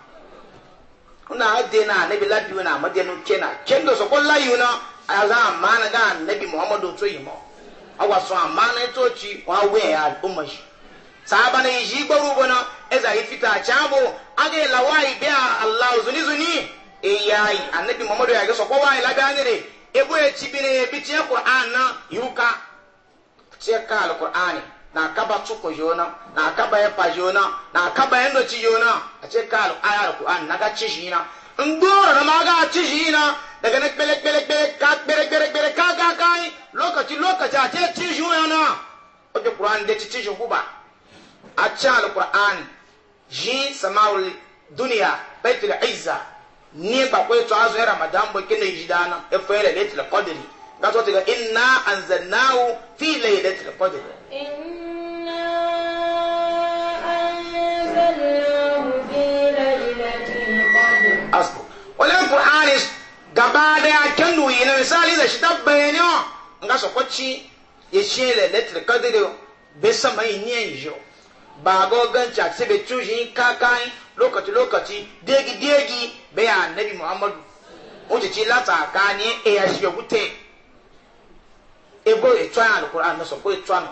na ade na anabi ladiwe na amadiya no na kye ndo so kola yi na aza amana ga anabi muhammadu to yi mo awa so amana to chi wa we ya umashi sahaba na yi gbaru na eze yi fita chabo aga la wai be ala zuni zuni e yayi anabi muhammadu ya ga so ko wai la ga ne ebo e chi e bi ne bi ti qur'an na yuka chie ka al qur'ani na kaba tsoko jona na kaba ya pa yona na kaba ya ndo ci jona a ce ka al'ayar ku'an na ga ci shi na in goro na ma ga ci shi na daga na kpele kpele kpele ka kpere kpere kpere ka ka kai lokaci lokaci a ce ci shi yona o ke Qur'an da ci ci shi kuba a ce al-Qur'an ji sama'ul duniya baitul aiza ni ba ko to azu ramadan bo kene jidana e fere lailatul qadri ga to te ga inna anzalnahu fi laylatil qadri asbu wala alqur'ani gaba daya kendo yi na misali da shi tabbayani o nga so kwaci ya shi le letter kadiri be sama yi ni yijo ba go gancha se be tuji kakai lokaci lokaci degi degi be ya nabi muhammadu o je ci lata kani e ya shi gute e bo e twa alqur'ani so ko e twa no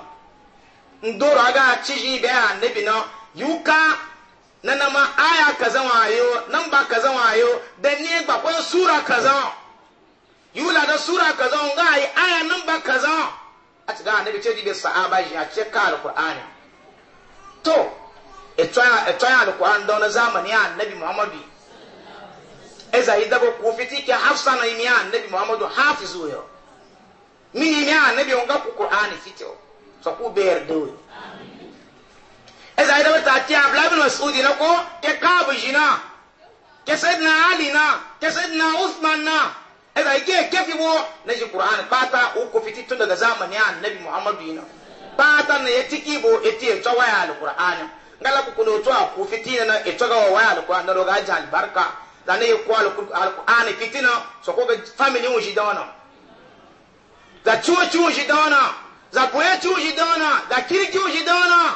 ndoro aga chiji be ya nabi no yuka Nanama ma aya kaza wayo namba kaza wayo da ni gba sura kaza yula da sura kaza nga ai aya namba kaza Ati ci ga ne bi ce sahaba ji a ce ka alqur'ani to etwa etwa alqur'an don zamani annabi muhammadu e zai dabo ku fiti ke hafsa na imi annabi muhammadu hafizu yo mi imi annabi nga ku qur'ani fiti so ku ber do ɛza yɛrɛ bɛ taa a bila bɛ na sudi ko kɛ kaabu zina kɛ sɛdina ali na kɛ sɛdina usman na ɛza yi kɛ kɛfi wɔ tun daga zamani a nabi muhammadu yi na baata na yɛ tiki bo eti yɛ tɔ waya ali kuran ngala ko kono to a kofiti na yɛ tɔ ka waya ali kuran na do ka jɛ alibarika da ne yɛ kɔ ali kuran fitina sɔ ko ka famili ŋun si dɔn na da ciwo ciwo si dɔn da da kiri ciwo si dɔn na.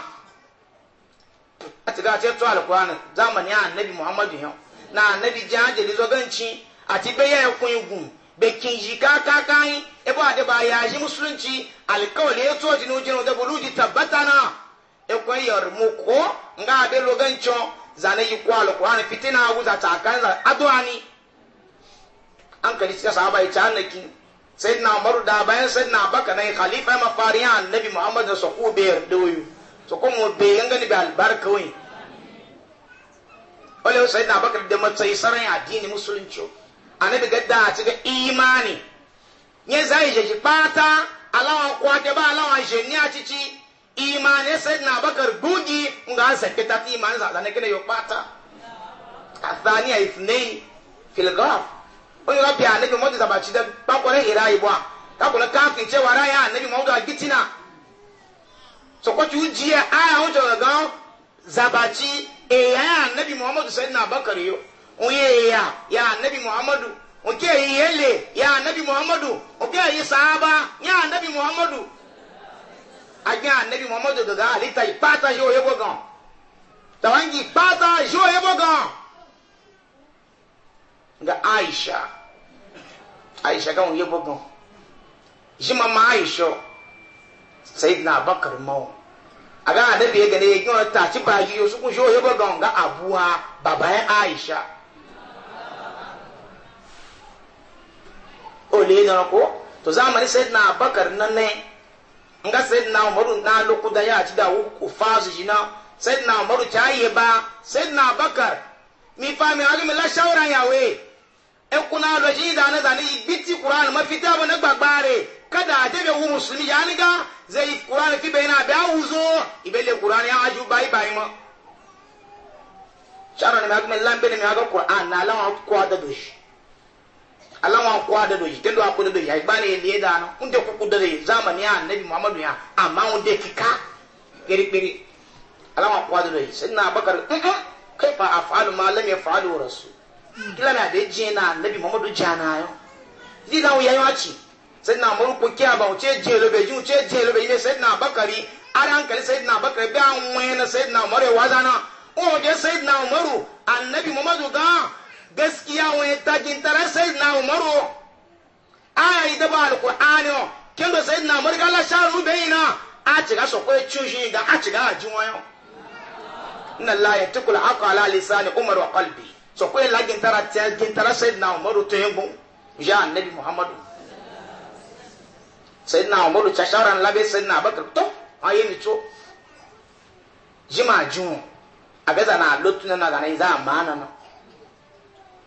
a ti ga ce to alkur'ani zamani a annabi muhammadu yau na annabi ji ajali zoganci a ti bayan ya gun bekin ji kaka kayi ebo ade ba ya ji musulunci alkawali ya to jini ujinu da buluji tabbata na ekwe yarmu ko nga abe logancin zane yi kwa alkur'ani fitina wuza ta kan addu'a ni an kali cika sahaba ya ci annaki sayyidina umaru da bayan sayyidina abaka na khalifa mafariya annabi muhammadu sallallahu alaihi wasallam da soku so ko mo be yanga ni be albarka addini musulunci annabi gadda a cikin imani zai je ji bata alawa ba alawa je ni a cici imani sai na gugi nga imani ne yo fil annabi mo da ba da ba ko rai rai ba ka ko annabi mo gitina sokoci ujiya aya wuce ga zabachi e ya ya annabi muhammadu sayyidina abakar yo onye ya ya annabi muhammadu oke yi yele ya annabi muhammadu oke yi sahaba ya annabi muhammadu agbe annabi muhammadu daga alita ipata yo yebo gan tawangi ipata yo yebo gan ga aisha aisha kan yebo gan jima ma aisha sayidina bakar mawu a ga annabi ya gane yakin ta ci baji yau su kun shoye ba ga wanga abuwa babayan aisha o le da ko to zamani sayidina bakar nan ne nga sayidina umaru na lokuda ya ci da ku fazu jina sayyidina umaru ta yi ba sayidina bakar mi fa mi wagi mi la shawran yawe e kuna lo ji da na zani biti qur'an mafita ba na gbagbare kada a tebe wu musulmi ya niga zai kurani fi bai na biya wuzo ibele kurani ya aju bayi bayi ma shara ne magumin lambe ne mai kur'an na alawa kwa da doshi alawa kwa da doshi tendo a da doshi ya ba ne liye da na kunde kuku da zai zamani ya annabi muhammadu ya amma unde kika kiri kiri alawa kwa da doshi sai na bakar kai fa afalu ma lam yafalu rasu kila na da jiya na annabi muhammadu jana yau zai dawo yayi wace sayyidina umaru ko kiya ba ce je lobe ji ce je lobe ne sayyidina abakari ara hankali sayyidina abakari bi an wayna sayyidina umaru wazana o je sayyidina umaru annabi muhammadu gan gaskiya wani ye tare sayyidina umaru aya ida ba alqur'ani o kendo sayyidina umaru kala sharu na a ciga so ko chushi ga a ciga ajiwayo inna la yatukul aqa ala lisani umar umaru qalbi bi ko lagin tara tiya gin tara sayyidina umaru to ya annabi muhammadu sayidina umaru chasharan labe sayidina abakar to ayi ni to jima jun abeza na lotu na ga nai za mana no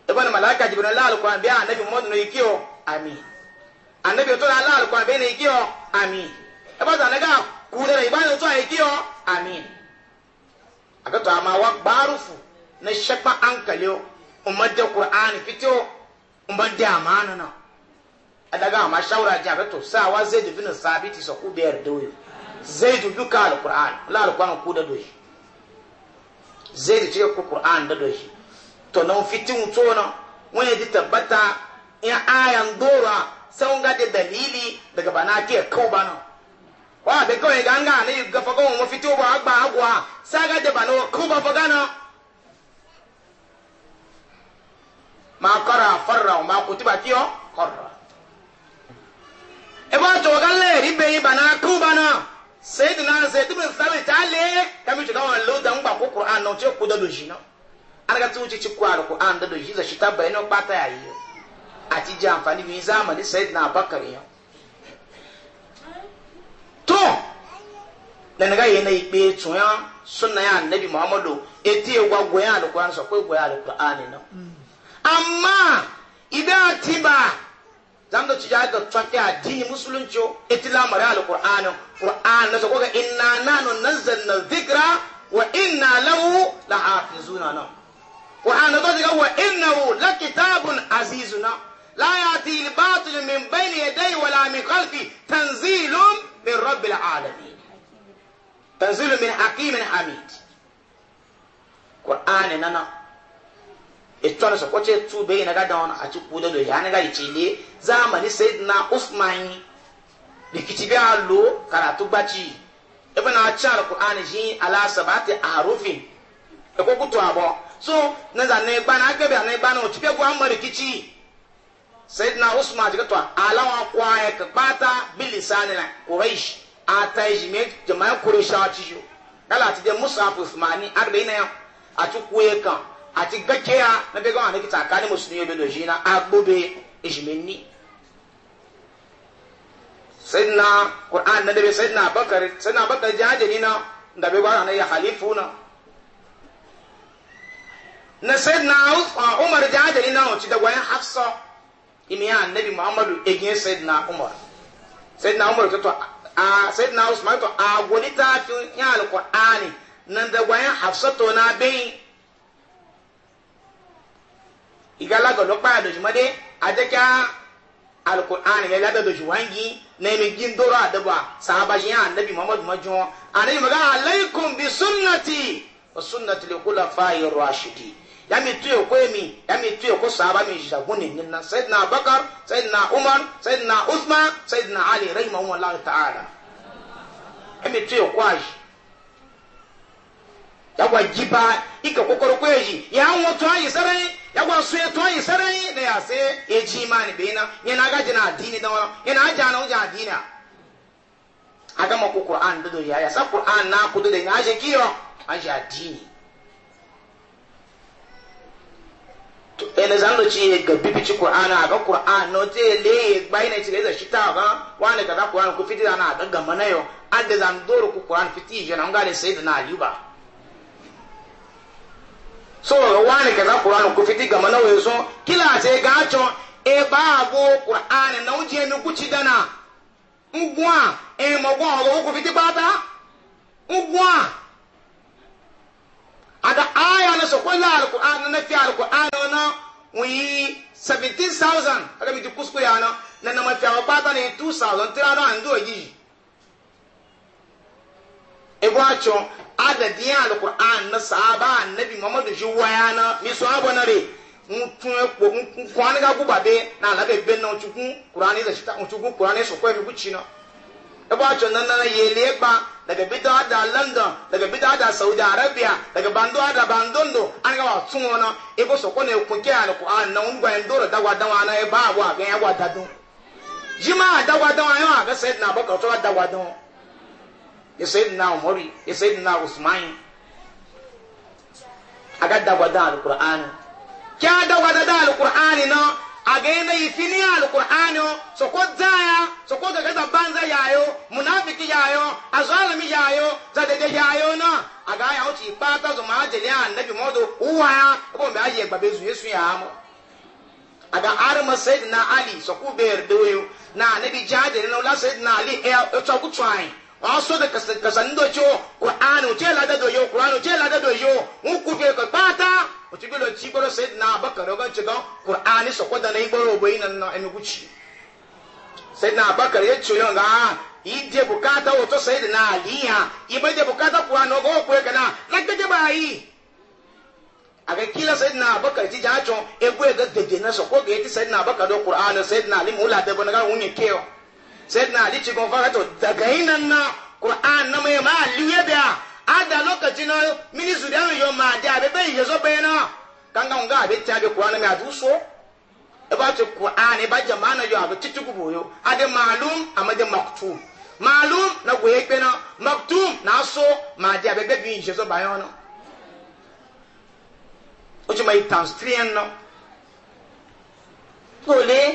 ibn malaka jibril la alquran bi annabi muhammad no ikio ami annabi to la alquran bi ni ikio ami ebeza na ga kudere ibanu to ikio ami agato ama wa barufu na shekpa ankaliyo umadde qur'ani fitio da amana na adaga amma shawara ji abin to sawa zai dubi na sabiti sa ku biyar doyo zai dubi ka alkur'an la alkur'an ku da doyi zai da cike ku qur'an da doyi to nan fitin to na wani ji tabbata in ayan dora sai ga da dalili daga bana ke kau bana wa da kawai ga anga ne ga fago mu fito ba agba agwa saga da bana ku ba fagana ma kara farra ma kutiba kiyo qarra ebe a tọrọ gala eri be iba na aka ụba na said na zaid ibn thabit ali kami jiga wa lo da ngba ko qur'an no che ku da do jina an ga tuji ci kwaro qur'an ya yi a ti ji amfani bi zamani na bakar ya to da naga na ikpe etu ya sunna ya annabi muhammadu eti egwa gwa ya alquran so ko gwa ya alquran na amma ida tiba zan ci ya ga tsafi addini musulunci ita lamari alƙur'anin qur'an na ko ga inna nanu nazzalna dhikra wa inna lahu lahafizuna na qur'an na zo ga wa innahu lakitabun azizuna la yati al-batil min bayni yaday wa la min khalfi tanzilun min rabbil alamin tanzilun min hakimin hamid ƙur'ani nana itɔn sɔkɔ tse tu bɛyi na ka dɔn ati ku de do ya ne ka yi tsi le zamani seyidina usman likiti bi a lo karatu gbatsi ebe na atsi alukur'an zi ala sabati arufin eko kutu abɔ so na za ne gba na akpɛ bi a gba na o ti bɛ bu ama likiti seyidina usman ti ke tɔ ala wa kɔ ayɛ e kakpata bilisa ne la kureish ata yi zi mɛ jama a e ti yi kala ati de musa afusumani arbe ya ati ku ye kan. àti gbẹ́kẹ́yà mẹ́bẹ́gbẹ́ wọn àníkìtà ká ní mùsùlùmí omi lòjì iná agbóbe ìṣìmẹ́ni. sẹ́dínà kur'an náà dẹ́bi sẹ́dínà abakari sẹ́dínà abakari jẹ́ àjẹ́ nínà ndàbí wọn àná yẹ halifu náà. na sẹ́dínà umar jẹ́ àjẹ́ nínà ọ̀tí dàgbà yẹn hafsọ hafsa ìmìyà nẹ́bi muhammadu egin sẹ́dínà umar sẹ́dínà umar tó tọ́ sẹ́dínà usman tó a wọlé tààtú yẹn alukọ̀ áni yẹn hafsa tó náà bẹ́yìn. igalago lokpa do jumade adaka alquran ga lada do juwangi ne mi gindoro adaba sahaba ji annabi muhammad majo annabi maga alaikum bi sunnati wa sunnati lil khulafa'i ar-rashidin ya mi tuye ko mi ya mi tuye ko sahaba mi ji dagune nin na sayyidina abakar sayyidina umar sayyidina Usman, sayyidina ali rahimahumullah ta'ala ya mi tuye ko aji yagwa jiba ika kokoro kweji ya nwo to ayi sarai yagwa su ya to ayi sarai ya se eji mani bena yana gaji na addini da wala yana aja na uja addini aga ma ku qur'an do ya ya sa qur'an na ku da ya je kiyo aja addini to ele zan ga qur'an aga qur'an no te le gba ina ci da shita ga wani qur'an ku fitira na adda zan doro ku qur'an na ngale sayyidina so wani kaza ku fiti na weso kila ce gacho e ba go qur'ani na uje ni ku ci dana ngwa e mo go go ku fiti bata ngwa ada aya na so kullu na fi alquran na wi 17000 mi ku sku ya na na ma fi ni 2000 tira na ndo yi ibwacho e adadi ya na sahaba anabi muhammadu ji waya na so abona re mutun e po nkwani ga gubabe na ala be na chukwu qur'ani e da shita chukwu qur'ani so ko mi buchi na ibwacho nan na yele ba daga bidda da london daga bidda da saudi arabia daga bando da bandondo an ga watun wona ibo so ko ne kunke alquran na ngwa ndoro dagwa dawa na e ba wa ga ya gwa dadun jima dagwa dawa yo aga na abubakar to dagwa dawa ya sayyidina umari ya sayyidina usman aga dagwada alqur'ani kya dagwada da alqur'ani na aga yana ifini alqur'ani so ko zaya so ko daga banza yayo munafiki yayo azalimi yayo zadede yayo na aga ya uti pata zo majeli annabi modo uwa ko mbe aje gbabezu yesu ya amo aga arma sayyidina ali so ku ber doyo na annabi jade na la sayyidina ali e to e, ku twain ọsọ sọ de kasando tso kur'anu tse ladɛ do yo kur'anu tse ladɛ do yo ŋun kufe ko kpaata o ti gbɛdɔ tsi gbɛdɔ na abakari o ka tse kan kur'ani sɔkɔ dana o bɛ na na enugu na abakari etso yɔ nga yi de bukata o to sɛdi na ali hã de bukata kur'anu o a ka kila sɛdi na abakari ti jaa tso ga ka na sɔkɔ gɛɛ ti sɛdi na abakari do na ali mu na ga sayyidina ali ci gon fara to daga yinan na qur'an na mai ma liye biya ada lokaci na minisu da yo ma da be be yezo be na kanga nga abi ta be qur'an me aduso e ba ci qur'an e ba jama'ana yo abi ci tugu yo ade malum amade maktum malum na go ekpe na maktum na so ma da be be bi yezo ba yo na o ci mai times 3 na Olé,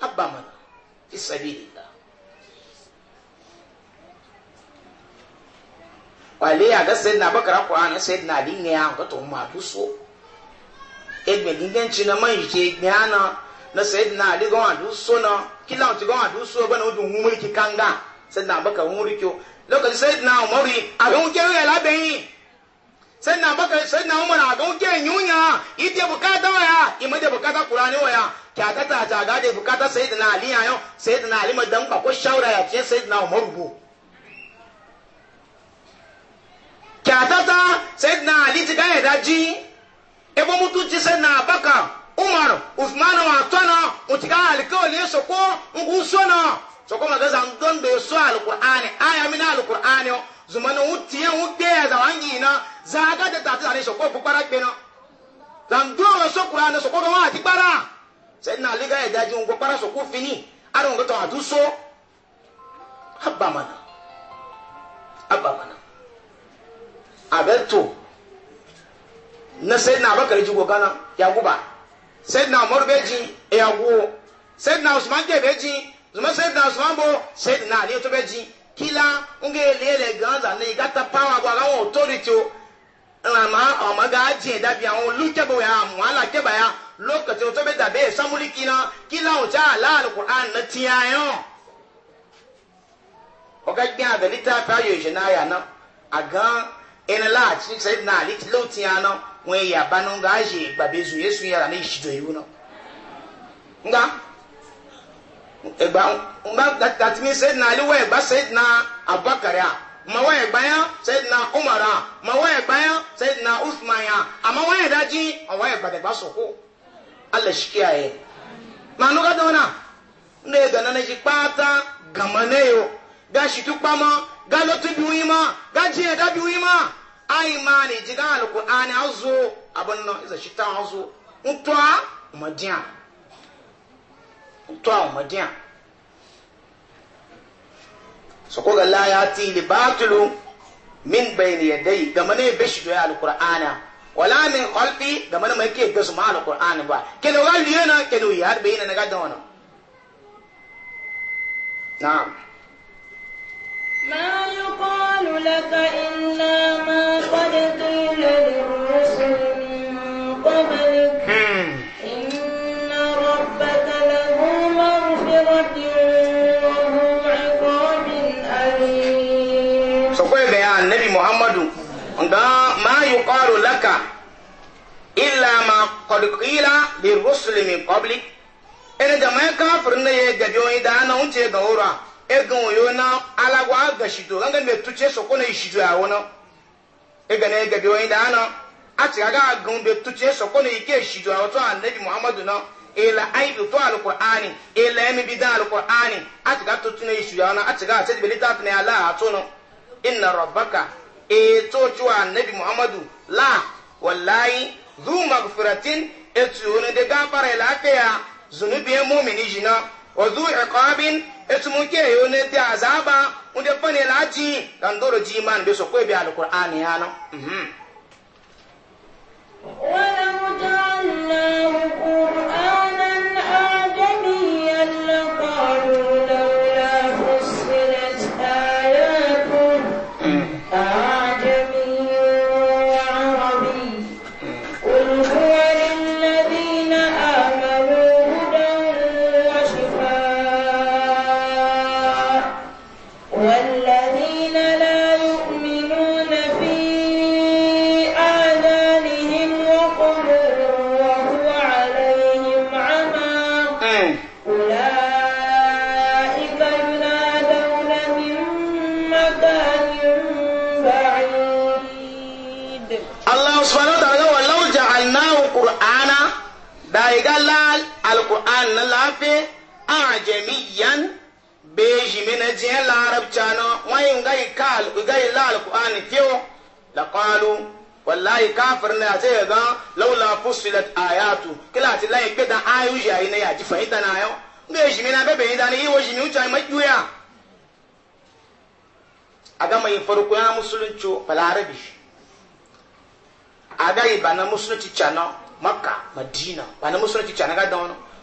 abba mana fi sabilillah wale ya ga sayyidina bakara qur'an sayyidina ali ne ya ga to ma du so egbe ningen china man je gnana na sayyidina ali ga wa du so na kila ti ga wa du so bana du humuri ki kanga sayyidina bakara humuri kyo lokaci na umari a ga un kero ya labeyin sayyidina bakara sayyidina umar a ga un kero yunya ide bukata waya ya imade bukata kurani waya. kyakata ta gade bukata sayyidina ali yayo sayyidina ali madan ba ko shawara ya ce sayyidina umar bu kyakata sayyidina ali ti gaya daji ebo mutu ci sayyidina abaka umar usman wa tona utika alkawli soko ngu sona soko magaza ndondo so alqur'ani aya min alqur'ani zumana utiye ugeya za wangina zaga da tatu ane soko bukara gbena zandoro so qur'ani soko wa tikbara sayyidina ali ga yadda jin gobara su ku fini aron ga tawa tu so habba mana abba mana abeto na sayyidina abakar ji gogana ya guba sayyidina umar beji ya guwo sayyidina usman ke beji zuma sayyidina usman bo sayyidina ali to beji kila nge lele ganza ne gata power gwa gawo authority o ma ma ga ji da bi àwọn ya mu ala ya lokaci wato bai dabe e san mulki na kila wuce ala alquran na tiyayo o ga gbe da litafi ayo je na ya na aga en la ti sai na ali ti lo tiyano wen ya banu ga je gbabe zu yesu ya na ishido yiwu na nga egba nga that means sai na ali wa egba sai na abakari a ma wa egba ya sai na umara ma wa egba ya sai na usman ya ama wa ya daji wa egba de ba soko Allah shi kiyaye manu ka dona ne ga nana shi pata gamane yo ga shi tukpa ma ga lotu biwi ma ga jiye da biwi ma ai ma ne Al-Qur'ani azu abun no iza shi ta azu ntwa madian ntwa madian so ko ga la ya ti li batulu min bayni yadai gamane bishi to ya alqur'ana wala min khalfi da mana mai ke da su ma'ana qur'ani ba ke da wali yana ke da yar bayina na gadan wannan na'am ma yuqalu laka illa ma qad qila hmm. inna annabi muhammadu nga ma yuqalu laka illa ma qad qila li rusuli min qablik ene jama'a kafir ne ye gabi on ida na unce ga ora e ga oyo na alagwa ga shito ganga me tuche so ko na shito ya wona e ga ne gabi on ida na ati ga ga gun be tuche so ko na ike shito ya to annabi muhammadu na ila e aibu to alqur'ani ila e mi bidan alqur'ani ati ga tuche na shito ya na ati ga ati be litat ne ala atono inna rabbaka eto juwa nabi muhammadu la wallahi zu magfiratin etu wani da gafara zunubi ya mumini jina wa zu iqabin etu muke yi ne da azaba wanda fane laji dan doro ji man bi so ko bi alqur'ani yana mhm ولو جعلناه قرآنا qur'an na lafe ajamiyan beji mina jiyan larabca na wayin gai kal gai la alquran kiyo la qalu wallahi kafir na ce ga laula fusilat ayatu kila ti lai pe ayu ya ina ya ji fahimta na yo beji mina bebe ni ni wo jimi uta mai juya aga mai farko ya musulunci balarabi aga ibana musulunci cana makka madina bana musulunci cana ga da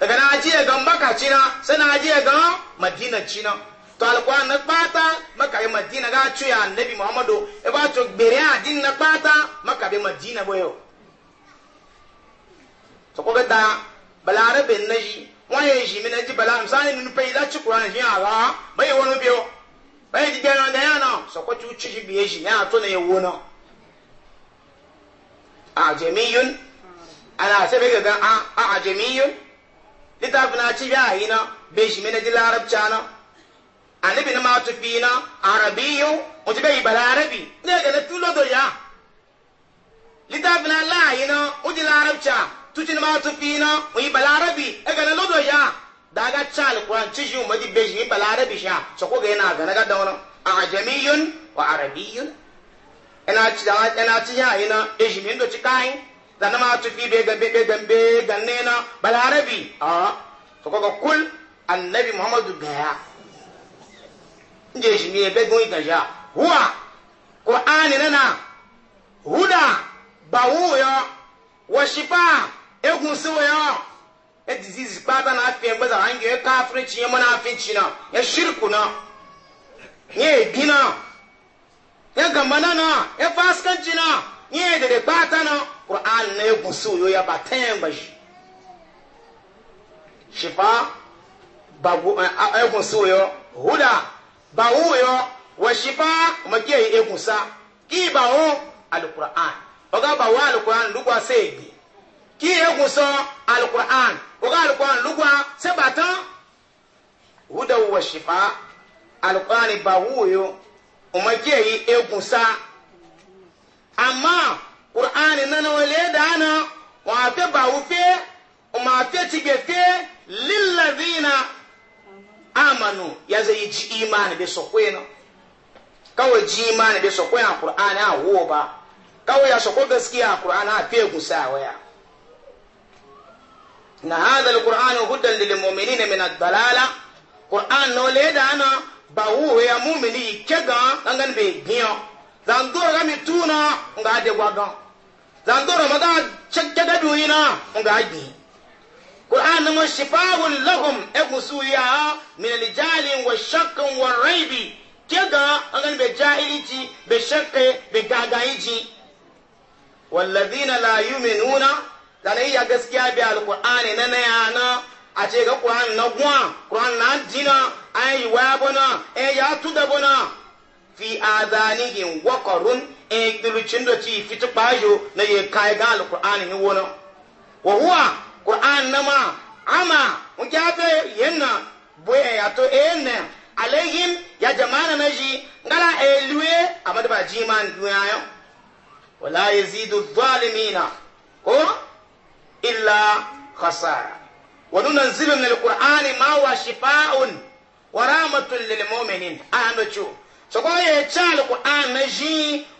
daga na ajiye gan maka cina sai na ajiye gan madina cina to alkuwa na kpata maka yi madina ga cuya annabi muhammadu e ba to gbere din na kpata maka bi madina boyo to ko da balare ben na yi wọn yẹ yi mi na ji bala misali nínú pé ilá tí kuran yìí àrà bẹ́ẹ̀ yẹ wọnú bí o bẹ́ẹ̀ yẹ gbẹ̀rẹ̀ ọ̀dẹ̀ yẹn náà sọ̀kọ́ tí ó tún yìí bí yẹ yìí yẹn àtọ́ na yẹ wọ náà àjẹmí yún àná àṣẹ bẹ́ẹ̀ gẹ̀gẹ́ àjẹmí littafin na ci biya na bai shi mene ji larabca na annabi na matu fi na arabiyu mutu bai balarabi ne ga na tulo do ya littafin na layi na uji larabca tuci ma matu fi na uyi balarabi e ga na lodo ya daga ca alkuran ci shi umadi bai shi balarabi sha so ko ga yana ga na gadda wani ajamiyun wa arabiyun ina ci da ina ci ya ina e shi min do ci kayan zana ma tufi be gambe be gambe ganne na balarabi a to kul annabi muhammadu gaya nje shi ne be gun gaja huwa qur'ani nana huda bawo yo wa shifa egun so yo e disease pata na afi egbe za hange ka africhi yemo na afichi na ya e shirku na ye bina ya e gamba na na ya e faskanci na ye dede pata na Qur'an ne gusu yo ya ba tan ba shi shifa ba gu eh, gusu yo huda ba hu yo wa shifa makiya yi egusa ki ba hu alquran oga ba wa alquran lugwa segi ki egusa alquran oga alquran lugwa ba batan huda wa shifa alquran ba hu yo umakiya yi egusa amma qur'ani nana wale da ana wafe ba wufe ma fe tige fe lillazina amanu ya zai ji imani be sokwena kawai ji imani be sokwena qur'ani a wo ba kawai ya sokwa gaskiya a ƙur'ani a fe gusa waya na hada alqur'ani hudan lil mu'minina min ad-dalala qur'an no le ana ba wo ya mu'mini kega ngan be giyo zan dora mi tuna ngade gwagan zandoro da duyina in ga agi qur'an mun shifaa'un lahum e su ya min al wa shakkan wa raibi kega angan bai jahilici bai shakke be gagayici walladhina la yu'minuna dana iya gaskiya bi al na na na yana a ce ga ƙur'an na gwa qur'an na dina ayi wa bona e ya bona. fi adanihim waqarun in dilucin da ci fiti bajo na ye kai ga alqur'ani ni wona wa huwa qur'an nama ama mujabe yenna boye ya to enne alayhim ya jamana ji ngala elwe amadu ba jiman duyayo wala yazidu zalimina ko illa khasara wa nunzilu min alqur'ani ma wa shifa'un wa rahmatun lil mu'minin ando chu so ko ye cha alqur'an ji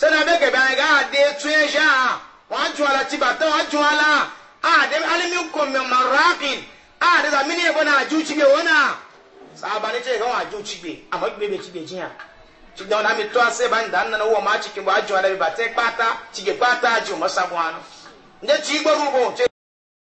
sẹ́nà bẹ́ẹ̀ gẹ̀bẹ́ àyìnká àdé tún ẹ̀ ṣá wọ́n á tún ala tí bàtà wọ́n á tún ala àdé alimi kò mẹ́ marakin àdé sàmì ní ẹ̀kọ́ náà àjú tìgbè wọ́n náà sábà ní tẹ̀lé wọn àjú tìgbè àmọ́ gbé bẹ́ẹ̀ tìgbè jìyàn tìgbè wọn àmì tó àṣẹ bá ń dà nínú wọn máa tìgbè wọn àjọ alẹ́ bàtà pátá tìgbè pátá àjò mọ́sàbọ̀n àná ǹjẹ́ tì í gbọ́dọ̀